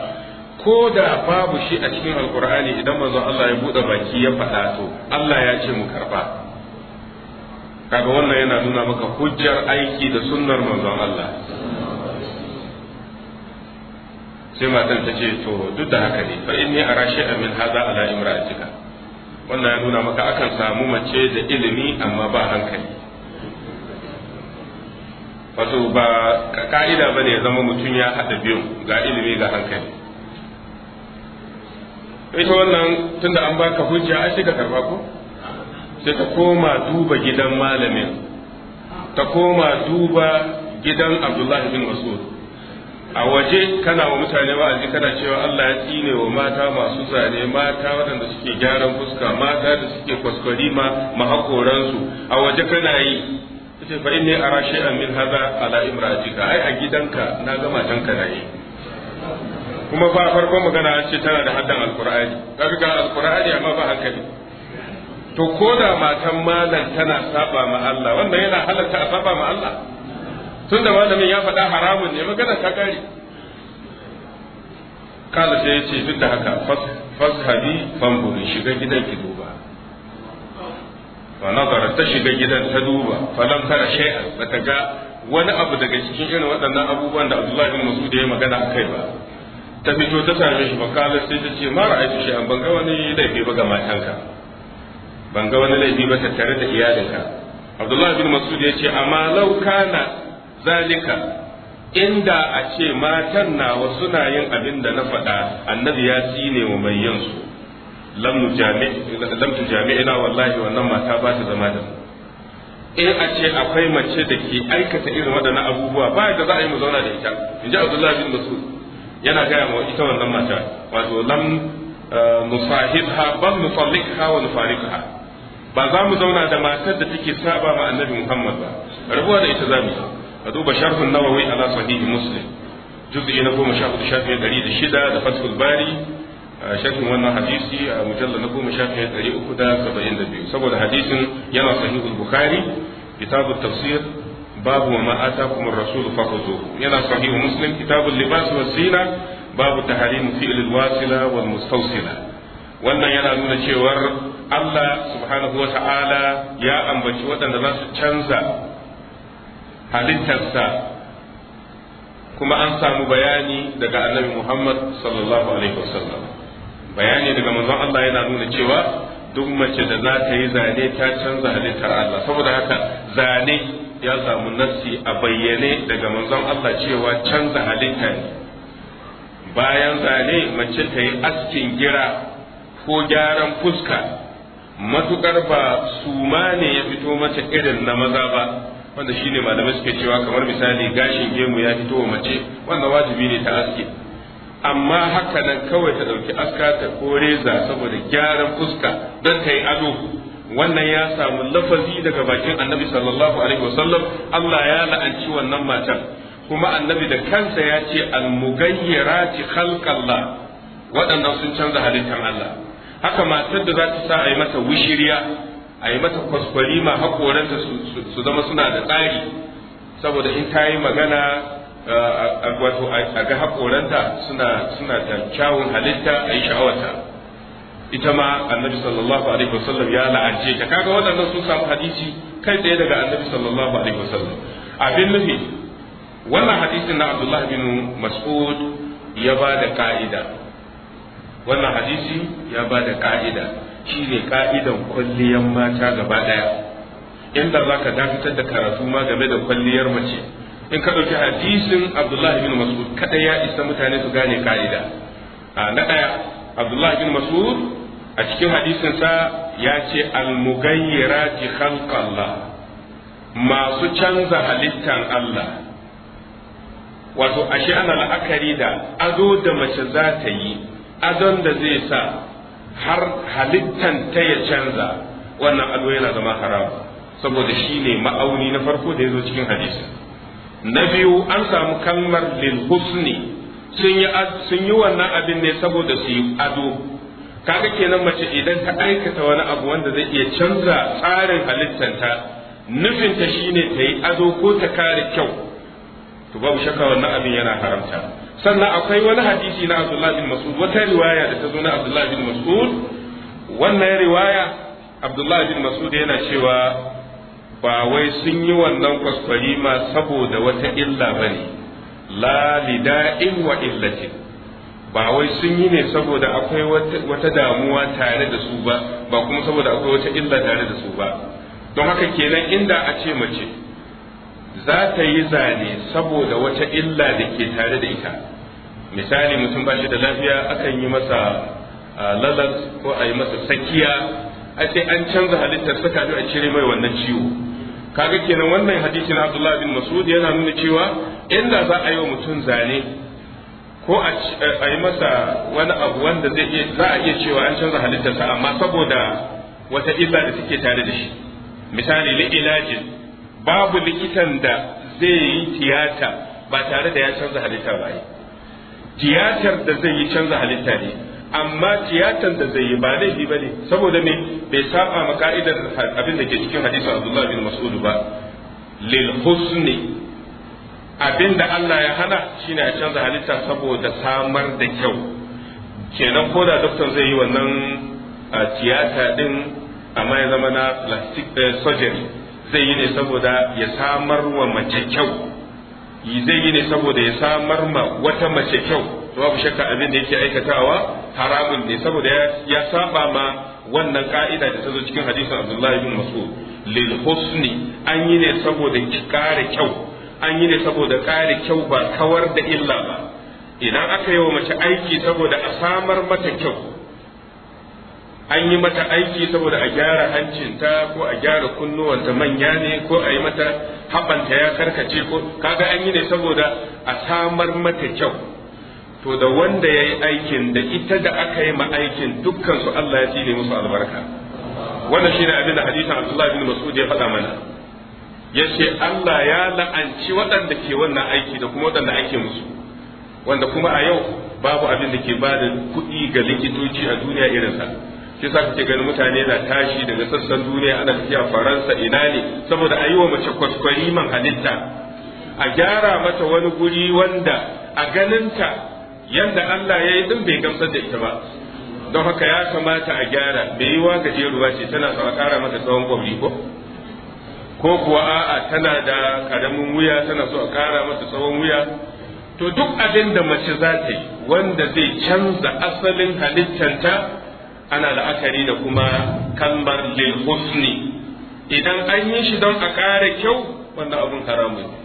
ko da babu shi a cikin alkur'ani idan manzon Allah ya buɗe baki ya faɗa to Allah ya ce mu karba kaga wannan yana nuna maka hujjar aiki da sunnar manzo Allah sai matan ta ce to duk da haka ne fa inni ara shay'an min hadha ala imra'atika wannan ya nuna maka akan samu mace da ilimi amma ba hankali wato ba ka'ida ba ne ya zama mutum ya hada biyu ga ilimi ga hankali ita wannan tunda an baka hujja a shiga karba ko sai ta koma duba gidan malamin ta koma duba gidan abdullahi bin mas'ud a waje kana wa mutane wa'azi kana cewa Allah ya tsine wa mata masu zane mata waɗanda suke gyaran fuska mata da suke kwaskwari ma mahakoransu a waje kana yi yace fa inni ara shay'an min hadha ala imra'atika ai a gidanka na ga matanka na yi kuma fa farko magana ce tana da haddan alqur'ani kaga ga alqur'ani amma ba hankali to ko da matan malan tana saba ma Allah wannan yana halatta a saba ma Allah tunda malamin ya faɗa haramun ne magana ta kare kala sai yace duk da haka fazhabi fanburi shiga gidanki duba fa nazara ta shiga gidan ta duba fa lam tara shay'an bata ga wani abu daga cikin irin waɗannan abubuwan da Abdullah bin Mas'ud ya magana akai ba ta fito ta same shi bakala sai ta ce mara aiki shi an banga wani laifi ba ga matanka banga wani laifi ba tare da iyalinka Abdullah bin Mas'ud ya ce amma law kana zalika inda a ce matan nawa suna yin abin da na faɗa annabi ya tsine wa mai yin lam jami'ina wallahi wannan mata ba ta zama da in eh, a ce akwai mace da ke aikata irin waɗanda abubuwa ba da za a yi mu zauna da ita in ji abdullahi bin masud yana gaya ma ita wannan mata wato lam ban eh, bal nusallikha wa nufariqha ba za mu zauna da matar da take saba ma annabi muhammad ba rabuwa da ita za mu yi. ka duba sharhun nawawi ala sahihi muslim juz'i na goma sha hudu shafi ɗari da shida da fathul bari shakin wannan hadisi a mujallar na goma sha fiye ɗari uku da saba'in da biyu saboda hadisin yana sahihul bukhari kitabul tafsir babu wa ma'ata kuma rasulu fakuzu yana sahihu muslim kitabul libas wa zina babu taharimu fi'il wasila wal wannan yana nuna cewar Allah subhanahu wa ta'ala ya ambaci waɗanda za su canza halittarsa kuma an samu bayani daga annabi Muhammad sallallahu alaihi wasallam bayani daga manzon Allah yana nuna cewa duk mace da za ta yi zane ta canza halittar Allah saboda haka zane ya samu nassi a bayyane daga manzon Allah cewa canza halitta ne bayan zane mace ta yi askin gira ko gyaran fuska matukar ba suma ne ya fito mace irin na maza ba wanda shine malamai suke cewa kamar misali gashin gemu ya fito wa mace wanda wajibi ne ta aske amma haka nan kawai ta ɗauki aska ta ko reza saboda gyaran fuska don ta yi ado wannan ya samu lafazi daga bakin annabi sallallahu alaihi wasallam Allah ya la'anci wannan matan kuma annabi da kansa ya ce almugayyirati khalqallah waɗannan sun canza halittar Allah haka matar da za ta sa a yi mata wishiriya a yi mata kwaskwari ma hakoranta su zama suna da tsari saboda in ta yi magana wato a ga haƙoranta suna suna da kyawun halitta a yi sha'awarta ita ma annabi sallallahu alaihi wasallam ya la'ance ta kaga waɗannan sun samu hadisi kai tsaye daga annabi sallallahu alaihi wasallam abin nufi wannan hadisin na abdullahi bin mas'ud ya ba da ka'ida wannan hadisi ya ba da ka'ida ne ka'idan kwalliyar mata gaba ɗaya inda za ka dakatar da karatu ma game da kwalliyar mace in ka ɗauki hadisin abdullahi bin mas'ud kada ya isa mutane su gane ka'ida na ɗaya abdullahi bin mas'ud a cikin hadisinsa ya ce almugayyirati Allah, masu canza halittan Allah wato ashe ana la'akari da ado da mace za ta yi adon da zai sa har halittan ta ya canza wannan ado yana zama haram saboda shi ne ma'auni na farko da ya zo cikin hadisin na biyu an samu kalmar lil husni sun yi sun yi wannan abin ne saboda su yi ado kaga kenan mace idan ta aikata wani abu wanda zai iya canza tsarin halittanta nufinta shine ta yi ado ko ta kare kyau to babu shakka wannan abin yana haramta sannan akwai wani hadisi na Abdullah bin Mas'ud wata riwaya da ta zo na Abdullah bin Mas'ud wannan riwaya Abdullah bin Mas'ud yana cewa ba wai sun yi wannan ma saboda wata illa ba ne la lida'in wa illatin ba wai sun yi ne saboda akwai wata damuwa tare da su ba ba kuma saboda akwai wata illa tare da su ba don haka kenan inda a ce mace za ta yi zane saboda wata illa da ke tare da ita misali mutum ba shi da lafiya akan yi masa lalas ko a yi masa sakiya a ce an canza halittar suka a cire mai wannan ciwo kaga kenan wannan hadisin Abdullah bin Mas'ud yana nuna cewa inda za a yi wa mutum zane ko eh, a yi masa wani abu wanda zai iya za a iya cewa an canza halittarsa amma saboda wata illa da take tare da shi misali li ilajin babu likitan da zai yi tiyata ba tare da ya canza halitta ba yi, tiyatar da zai yi canza halitta ne amma tiyatan da zai yi ba laifi bane saboda me bai saba ma ka'idar abin da ke cikin hadisi Abdullah bin Mas'ud ba lil husni abin da Allah ya hana shine a canza halitta saboda samar da kyau kenan ko da doktor zai yi wannan tiyata din amma ya zama na plastic eh, surgery zai yi ne saboda ya samar wa mace kyau zai yi ne saboda ya samar ma wata mace kyau babu shakka abin da yake aikatawa haramun ne saboda ya saba ma wannan ka'ida da ta zo cikin hadisin Abdullahi bin Mas'ud lil husni an yi ne saboda kare kyau an yi ne saboda kare kyau ba kawar da illa ba idan aka yi wa mace aiki saboda a samar mata kyau an yi mata aiki saboda a gyara hancinta ko a gyara kunnuwanta manya ne ko a yi mata haɓanta ya karkace ko kaga an yi ne saboda a samar mata kyau to da wanda ya yi aikin da ita da aka yi ma aikin dukkan su Allah ya cire musu albarka wannan shi ne abin da hadisin Abdullah bin Mas'ud ya faɗa mana Ya ce Allah ya la'anci waɗanda ke wannan aiki da kuma waɗanda ake musu wanda kuma a yau babu abin da ke bada kuɗi ga likitoci a duniya irinsa shi sa kake ganin mutane na tashi daga sassan duniya ana tafiya faransa ina ne saboda a yi wa mace kwaskwari man halitta a gyara mata wani guri wanda a ganinta Yadda Allah ya yi din bai gamsar da ita ba don haka ya kamata a gyara bai yi wa gajeruwa ce tana sa kara mata tsawon kwabri ko ko kuwa a'a tana da karamin wuya tana so a kara mata tsawon wuya to duk abin da mace za ta yi wanda zai canza asalin halittanta ana la'akari da kuma kambar lil husni idan an yi shi don a ƙara kyau wannan abun haramun ne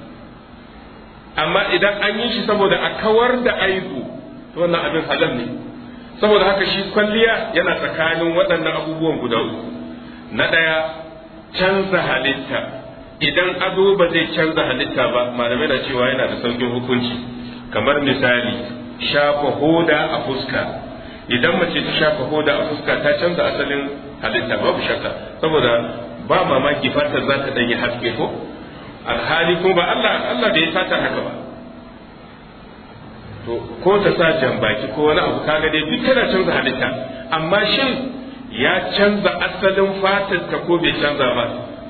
amma idan an yi shi saboda a kawar da aibu to wannan abin halal ne saboda haka shi kwalliya yana tsakanin waɗannan abubuwan guda uku na ɗaya canza halitta idan ado ba zai canza halitta ba malamai da cewa yana da saukin hukunci kamar misali shafa hoda a fuska idan mace ta shafa hoda a fuska ta canza asalin halitta babu shakka saboda ba mamaki fatar za ta ɗanyi haske ko alhali kuma ba Allah Allah ya sata haka ba to ko ta sa jan baki ko wani abu kaga dai duk tana canza halitta amma shin ya canza asalin fatar ta ko bai canza ba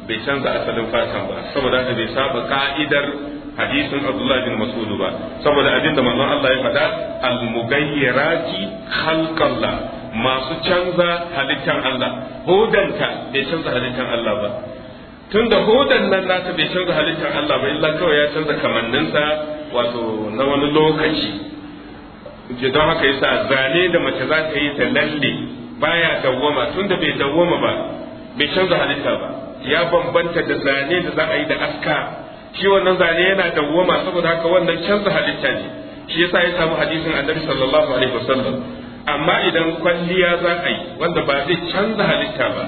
bai canza asalin fatan ba saboda haka bai saba ka'idar hadisin Abdullah bin Mas'ud ba saboda abin da manzon Allah ya faɗa al-mughayyirati khalqallah masu canza halittan Allah hodanta bai canza halittan Allah ba tun da hudan nan ta bai canza halittar Allah ba illa kawai ya canza kamanninsa wato na wani lokaci ke don haka yasa zane da mace za ta yi ta lalle baya dawwama tun da bai dawwama ba bai canza halitta ba ya bambanta da zane da za a yi da aska shi wannan zane yana dawwama saboda haka wannan canza halitta ne shi yasa ya samu hadisin annabi sallallahu alaihi wasallam amma idan kwalliya za a yi wanda ba zai canza halitta ba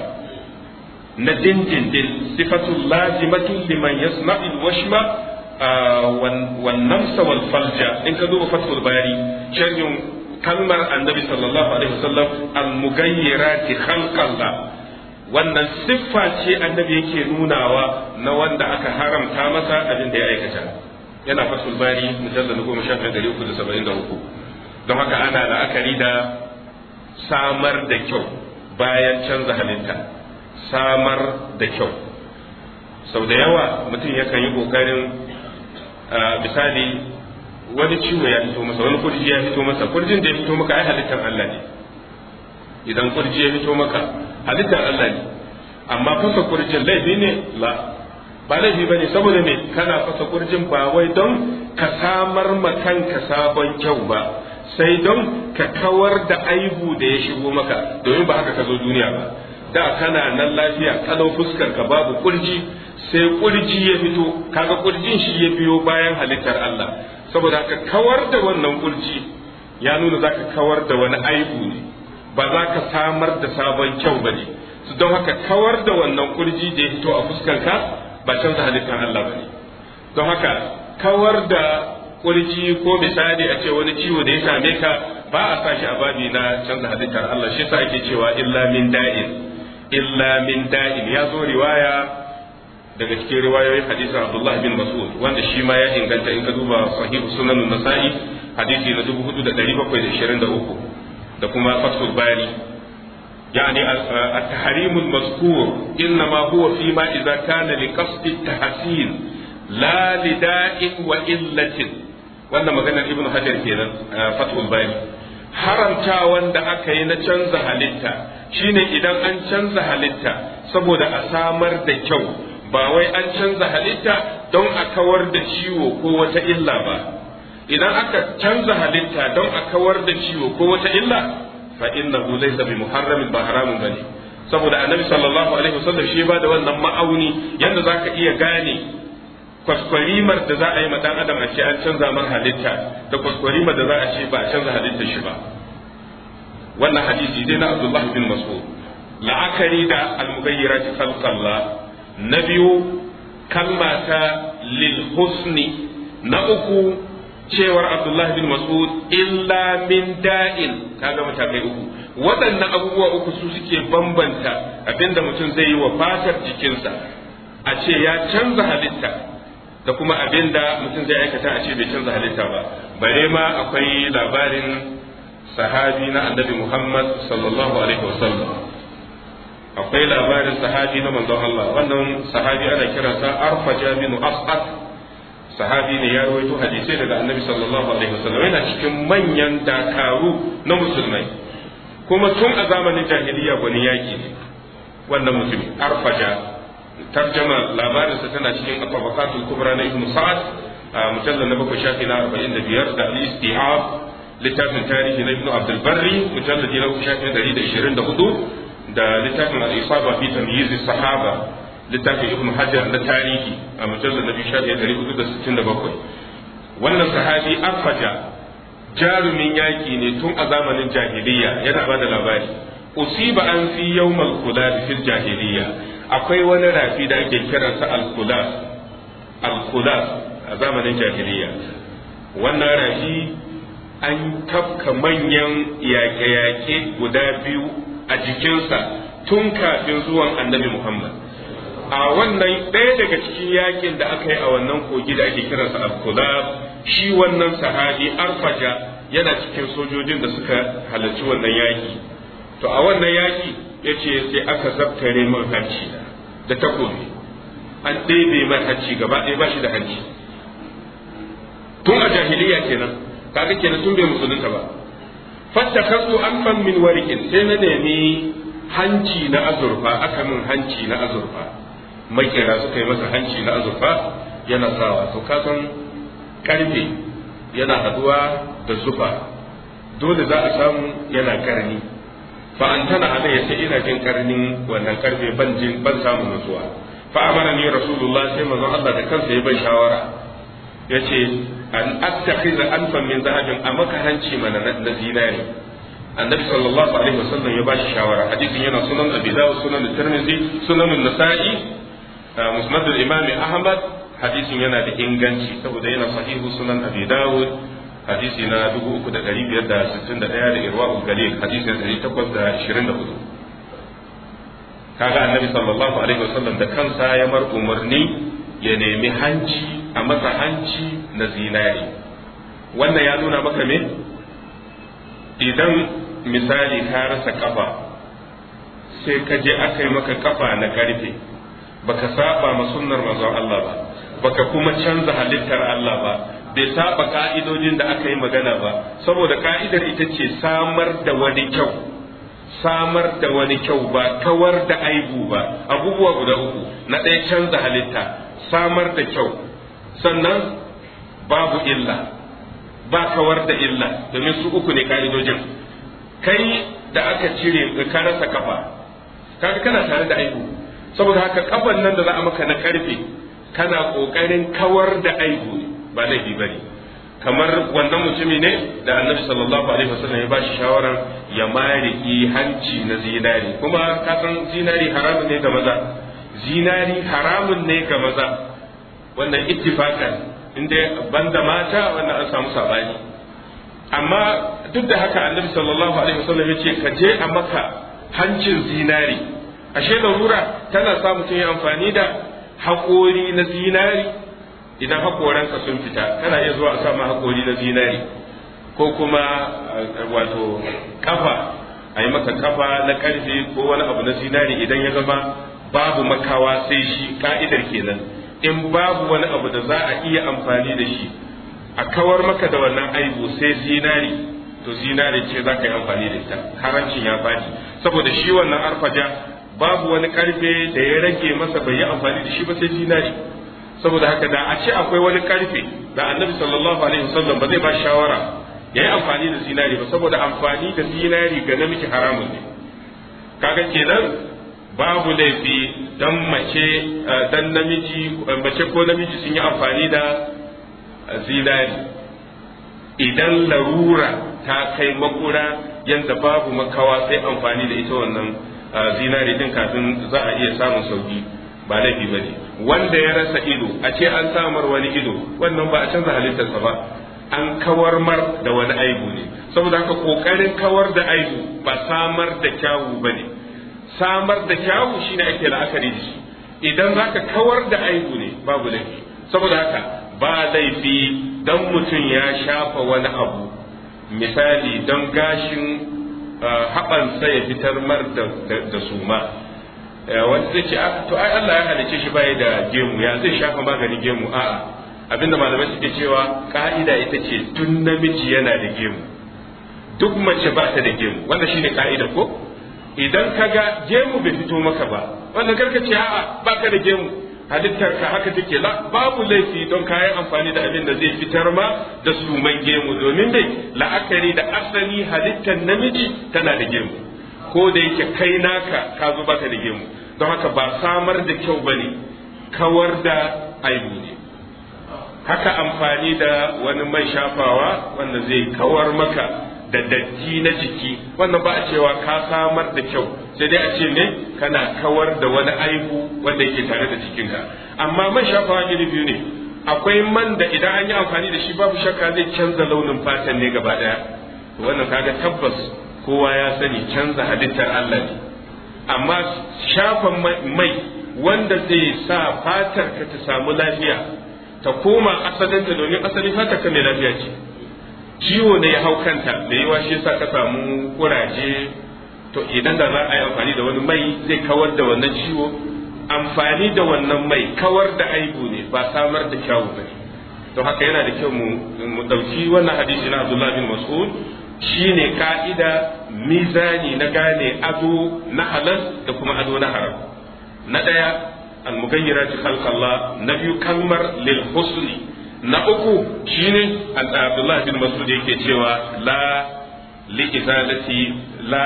na dindindin sifatun lazimatun liman yasma'il washma wan Wannan sawar falja in ka duba fatul bari sharhin kalmar annabi sallallahu alaihi wasallam al mughayyirati khalqallah wannan siffa ce annabi yake nunawa na wanda aka haramta masa abin da ya aikata yana fasul bari mujallal goma sha ɗaya uku da saba'in da uku don haka ana la'akari da samar da kyau bayan canza halitta samar da kyau sau da yawa mutum yakan yi kokarin misali wani ciwo ya fito masa wani kurji ya fito masa kurjin da ya fito maka ai halittar Allah ne idan kurji ya fito maka halittar Allah ne amma fasa kurjin laifi ne la ba laifi bane saboda me kana fasa kurjin ba wai don ka samar ma kanka sabon kyau ba sai don ka kawar da aibu da ya shigo maka domin ba haka ka zo duniya ba da kana nan lafiya kalau fuskar ka babu kurji sai kurji ya fito kaga kurjin shi ya biyo bayan halittar Allah saboda haka kawar da wannan kurji ya nuna zaka kawar da wani aibu ne ba za ka samar da sabon kyau ba ne don haka kawar da wannan kurji da ya fito a fuskar ka ba canza halittar Allah ba ne don haka kawar da kurji ko misali a ce wani ciwo da ya same ka ba a sa shi a babi na canza halittar Allah shi sa ake cewa illa min da'in illa min da'in ya zo riwaya daga cikin riwayoyin hadisin Abdullah bin Mas'ud wanda shi ma ya inganta in ka duba sahihu sunan Nasa'i hadisi na 4723 da kuma Fathul Bari يعني التحريم المذكور إنما هو فيما إذا كان لقصد التحسين لا لداء وإلة وأنا مغنى ابن حجر كذا فتح الباري haramta wanda aka yi na canza halitta shine idan an canza halitta saboda a samar da kyau ba wai an canza halitta don a kawar da ciwo ko wata illa ba idan aka canza halitta don a kawar da ciwo ko wata illa fa innahu laysa bi muharramin ba haramun bane saboda annabi sallallahu alaihi wasallam shi ba da wannan ma'auni yanda zaka iya gane kwaskwarimar da za a yi ma ɗan adam a ce an canza man halitta da kwaskwarimar da za a ce ba a canza halitta shi ba wannan hadisi dai na Abdullahi bin Mas'ud la'akari da al-mughayyirati na biyu kalma ta lil husni na uku cewar Abdullahi bin Mas'ud illa min da'in kaga matakai uku waɗannan abubuwa uku su suke bambanta abinda mutum zai yi wa fatar jikinsa a ce ya canza halitta da kuma abin da mutum zai aikata a ce bai canza halitta ba bare ma akwai labarin sahabi na annabi Muhammad sallallahu alaihi wasallam akwai labarin sahabi na manzon Allah wannan sahabi ana kiransa Arfaja bin As'ad sahabi ne ya rawaito hadisai daga annabi sallallahu alaihi wasallam yana cikin manyan dakaru na musulmai kuma tun a zamanin jahiliya wani yaki ne wannan musulmi arfaja tarjama labarinsa tana cikin tabaqatul kubra na ibn sa'ad mujallal na bakwai shafi na arba'in da biyar da al-istihab littafin tarihi na ibn abdul barri mujallal na bakwai shafi na dari da ishirin da da hudu littafin al-isaba fi tamyiz sahaba littafin ibn hajar na tarihi a mujallal na biyu shafi na dari hudu da da sittin bakwai. wannan sahabi afaja jarumin yaki ne tun a zamanin jahiliya yana ba da labari usiba an fi yawmal khulal fil jahiliya akwai wani rafi da ake kiransa al-kulas al-kulas a zamanin jahiliya wannan rafi an kafka manyan yaƙe-yaƙe guda biyu a jikinsa tun kafin zuwan annabi muhammad a wannan ɗaya daga cikin yakin da aka yi a wannan kogi da ake kiransa al-kulas shi wannan sahabi arfaja yana cikin sojojin da suka halarci wannan yaki to a wannan yaki ya ce sai aka zaftare min hanci na da takobi an ɗebe mai hanci gaba ɗaya ba shi da hanci tun a jahiliya kenan kaga kenan tun bai musulunta ba fasta kasu amman min warikin sai na nemi hanci na azurfa aka min hanci na azurfa makera suka yi masa hanci na azurfa yana sawa to kasan karfe yana haduwa da zufa dole za a samu yana karni fa an tana ana ya ce ina jin karnin wannan karfe ban jin ban samu nutsuwa fa amara ni rasulullah sai manzon Allah da kansa ya ban shawara yace an attakhiza anfan min zahabin a makaranci mana na zinari annabi sallallahu alaihi wasallam ya bashi shawara hadisin yana sunan abi dawud sunan tirmidhi sunan an-nasa'i ah, musnad al-imam ahmad hadisin yana da inganci saboda yana sahihu sunan abi dawud hadisi na uku da ɗari biyar da da da sittin ɗaya irwa'ul galil hadisi na 824 kaga annabi sallallahu alaihi wasallam da kansa ya mar umarni ya nemi hanci a masa hanci na zinari wannan ya nuna maka me idan misali ka rasa kafa sai ka je aka yi maka kafa na karfe baka saba ma sunnar manzon Allah ba baka kuma canza halittar Allah ba bai saba ka'idojin da aka yi magana ba saboda ka'idar ita ce samar da wani kyau samar da wani kyau ba kawar da aibu ba abubuwa guda uku na ɗaya canza halitta samar da kyau sannan babu illa ba kawar da illa domin su uku ne ka'idojin kai da aka cire ka rasa kafa kaga kana tare da aibu saboda haka kafan nan da za a maka na karfe kana ƙoƙarin kawar da aibu ne ba laifi bari kamar wannan mutumi ne da annabi sallallahu alaihi wasallam ya bashi shawaran ya mariki hanci na zinari kuma ka san zinari haramun ne ga maza zinari haramun ne ga maza wannan ittifaqan inda banda mata wannan an samu sabani amma duk da haka annabi sallallahu alaihi wasallam ya ce ka je a maka hancin zinari ashe larura tana sa mutum ya amfani da haƙori na zinari idan hakoranka sun fita kana iya zuwa a sama hakori na zinari ko kuma eh, wato kafa a yi maka kafa na karfe ko wani abu na zinari idan ya zama babu makawa sai shi ka'idar kenan in babu wani abu da za a iya amfani da shi a kawar maka da wannan aibu sai zinari to zinari ce za ka yi amfani da ita harancin ya faɗi saboda shi wannan arfaja babu wani karfe da ya rage masa bai yi amfani da shi ba sai zinari saboda haka da a ce akwai wani karfe da annabi sallallahu alaihi wasallam ba zai ba shawara yayi amfani da zinari ba saboda amfani da zinari ga namiji haramun ne kaga kenan babu laifi dan mace eh, dan namiji eh, mace ko namiji sun yi amfani da zinari idan larura ta kai makura yanda babu makawa sai amfani da ita wannan eh, zinari din kafin za a iya samun sauki ba laifi ne. wanda ya rasa ido a ce an samar wani ido wannan ba a canza halittarsa ba an kawar mar da wani aibu ne saboda haka kokarin kawar da aibu ba samar da kyawu ba ne samar da kyawu shine ake la'akari da shi idan zaka kawar da aibu ne babu laifi saboda haka ba laifi don mutum ya shafa wani abu misali don gashin ah, haɓansa ya fitar mar da suma Eh, wani zai ce ah, to ai Allah ya halice shi bai da gemu ya zai shafa maganin gemu a'a abinda malamai suke cewa ka'ida ita ce tun namiji yana da gemu duk mace ba ta da gemu wanda shine ka'ida ko idan ka ga gemu bai fito maka ba wanda karka ce a'a ba ka da gemu halittar ka haka take la babu laifi don kayan amfani da abin da zai fitar ma da suman gemu domin dai la'akari da asali halittar namiji tana da gemu ko da yake kai naka ka zo baka da gemu don haka ba samar da kyau ba ne kawar da aibu ne haka amfani da wani man shafawa wanda zai kawar maka da datti na jiki wannan ba a cewa ka samar da kyau sai dai a ce ne kana kawar da wani aibu wanda yake tare da jikinka amma man shafawa gini biyu ne akwai man da idan an yi amfani da shi babu shakka zai canza launin fatan ne gaba daya wannan kaga tabbas kowa ya sani canza halittar Allah ne amma shafan mai wanda zai sa fatar ka ta samu lafiya ta koma asalinta domin asali fatar ka mai lafiya ce ciwo ne ya hau kanta da yawa shi sa ka samu kuraje to idan da za a yi amfani da wani mai zai kawar da wannan ciwo amfani da wannan mai kawar da aibu ne ba samar da kyawu ba ne to haka yana da kyau mu ɗauki wannan hadisi na Abdullah bin Mas'ud Shi ne ka'ida mizani na gane ado na halal da kuma ado na haram na ɗaya al-mughayyiratu khalqallah na biyu kalmar lil husni na uku shine al-abdullah bin da yake cewa la li izalati la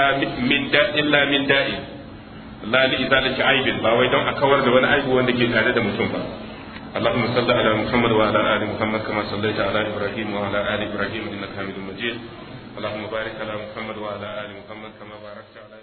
min da la min da'i la li izalati aibin ba wai don a kawar da wani aibu wanda ke tare da mutum ba اللهم صل على محمد وعلى ال محمد كما صليت على ابراهيم وعلى ال ابراهيم انك حميد مجيد اللهم بارك على محمد وعلى آل محمد كما باركت على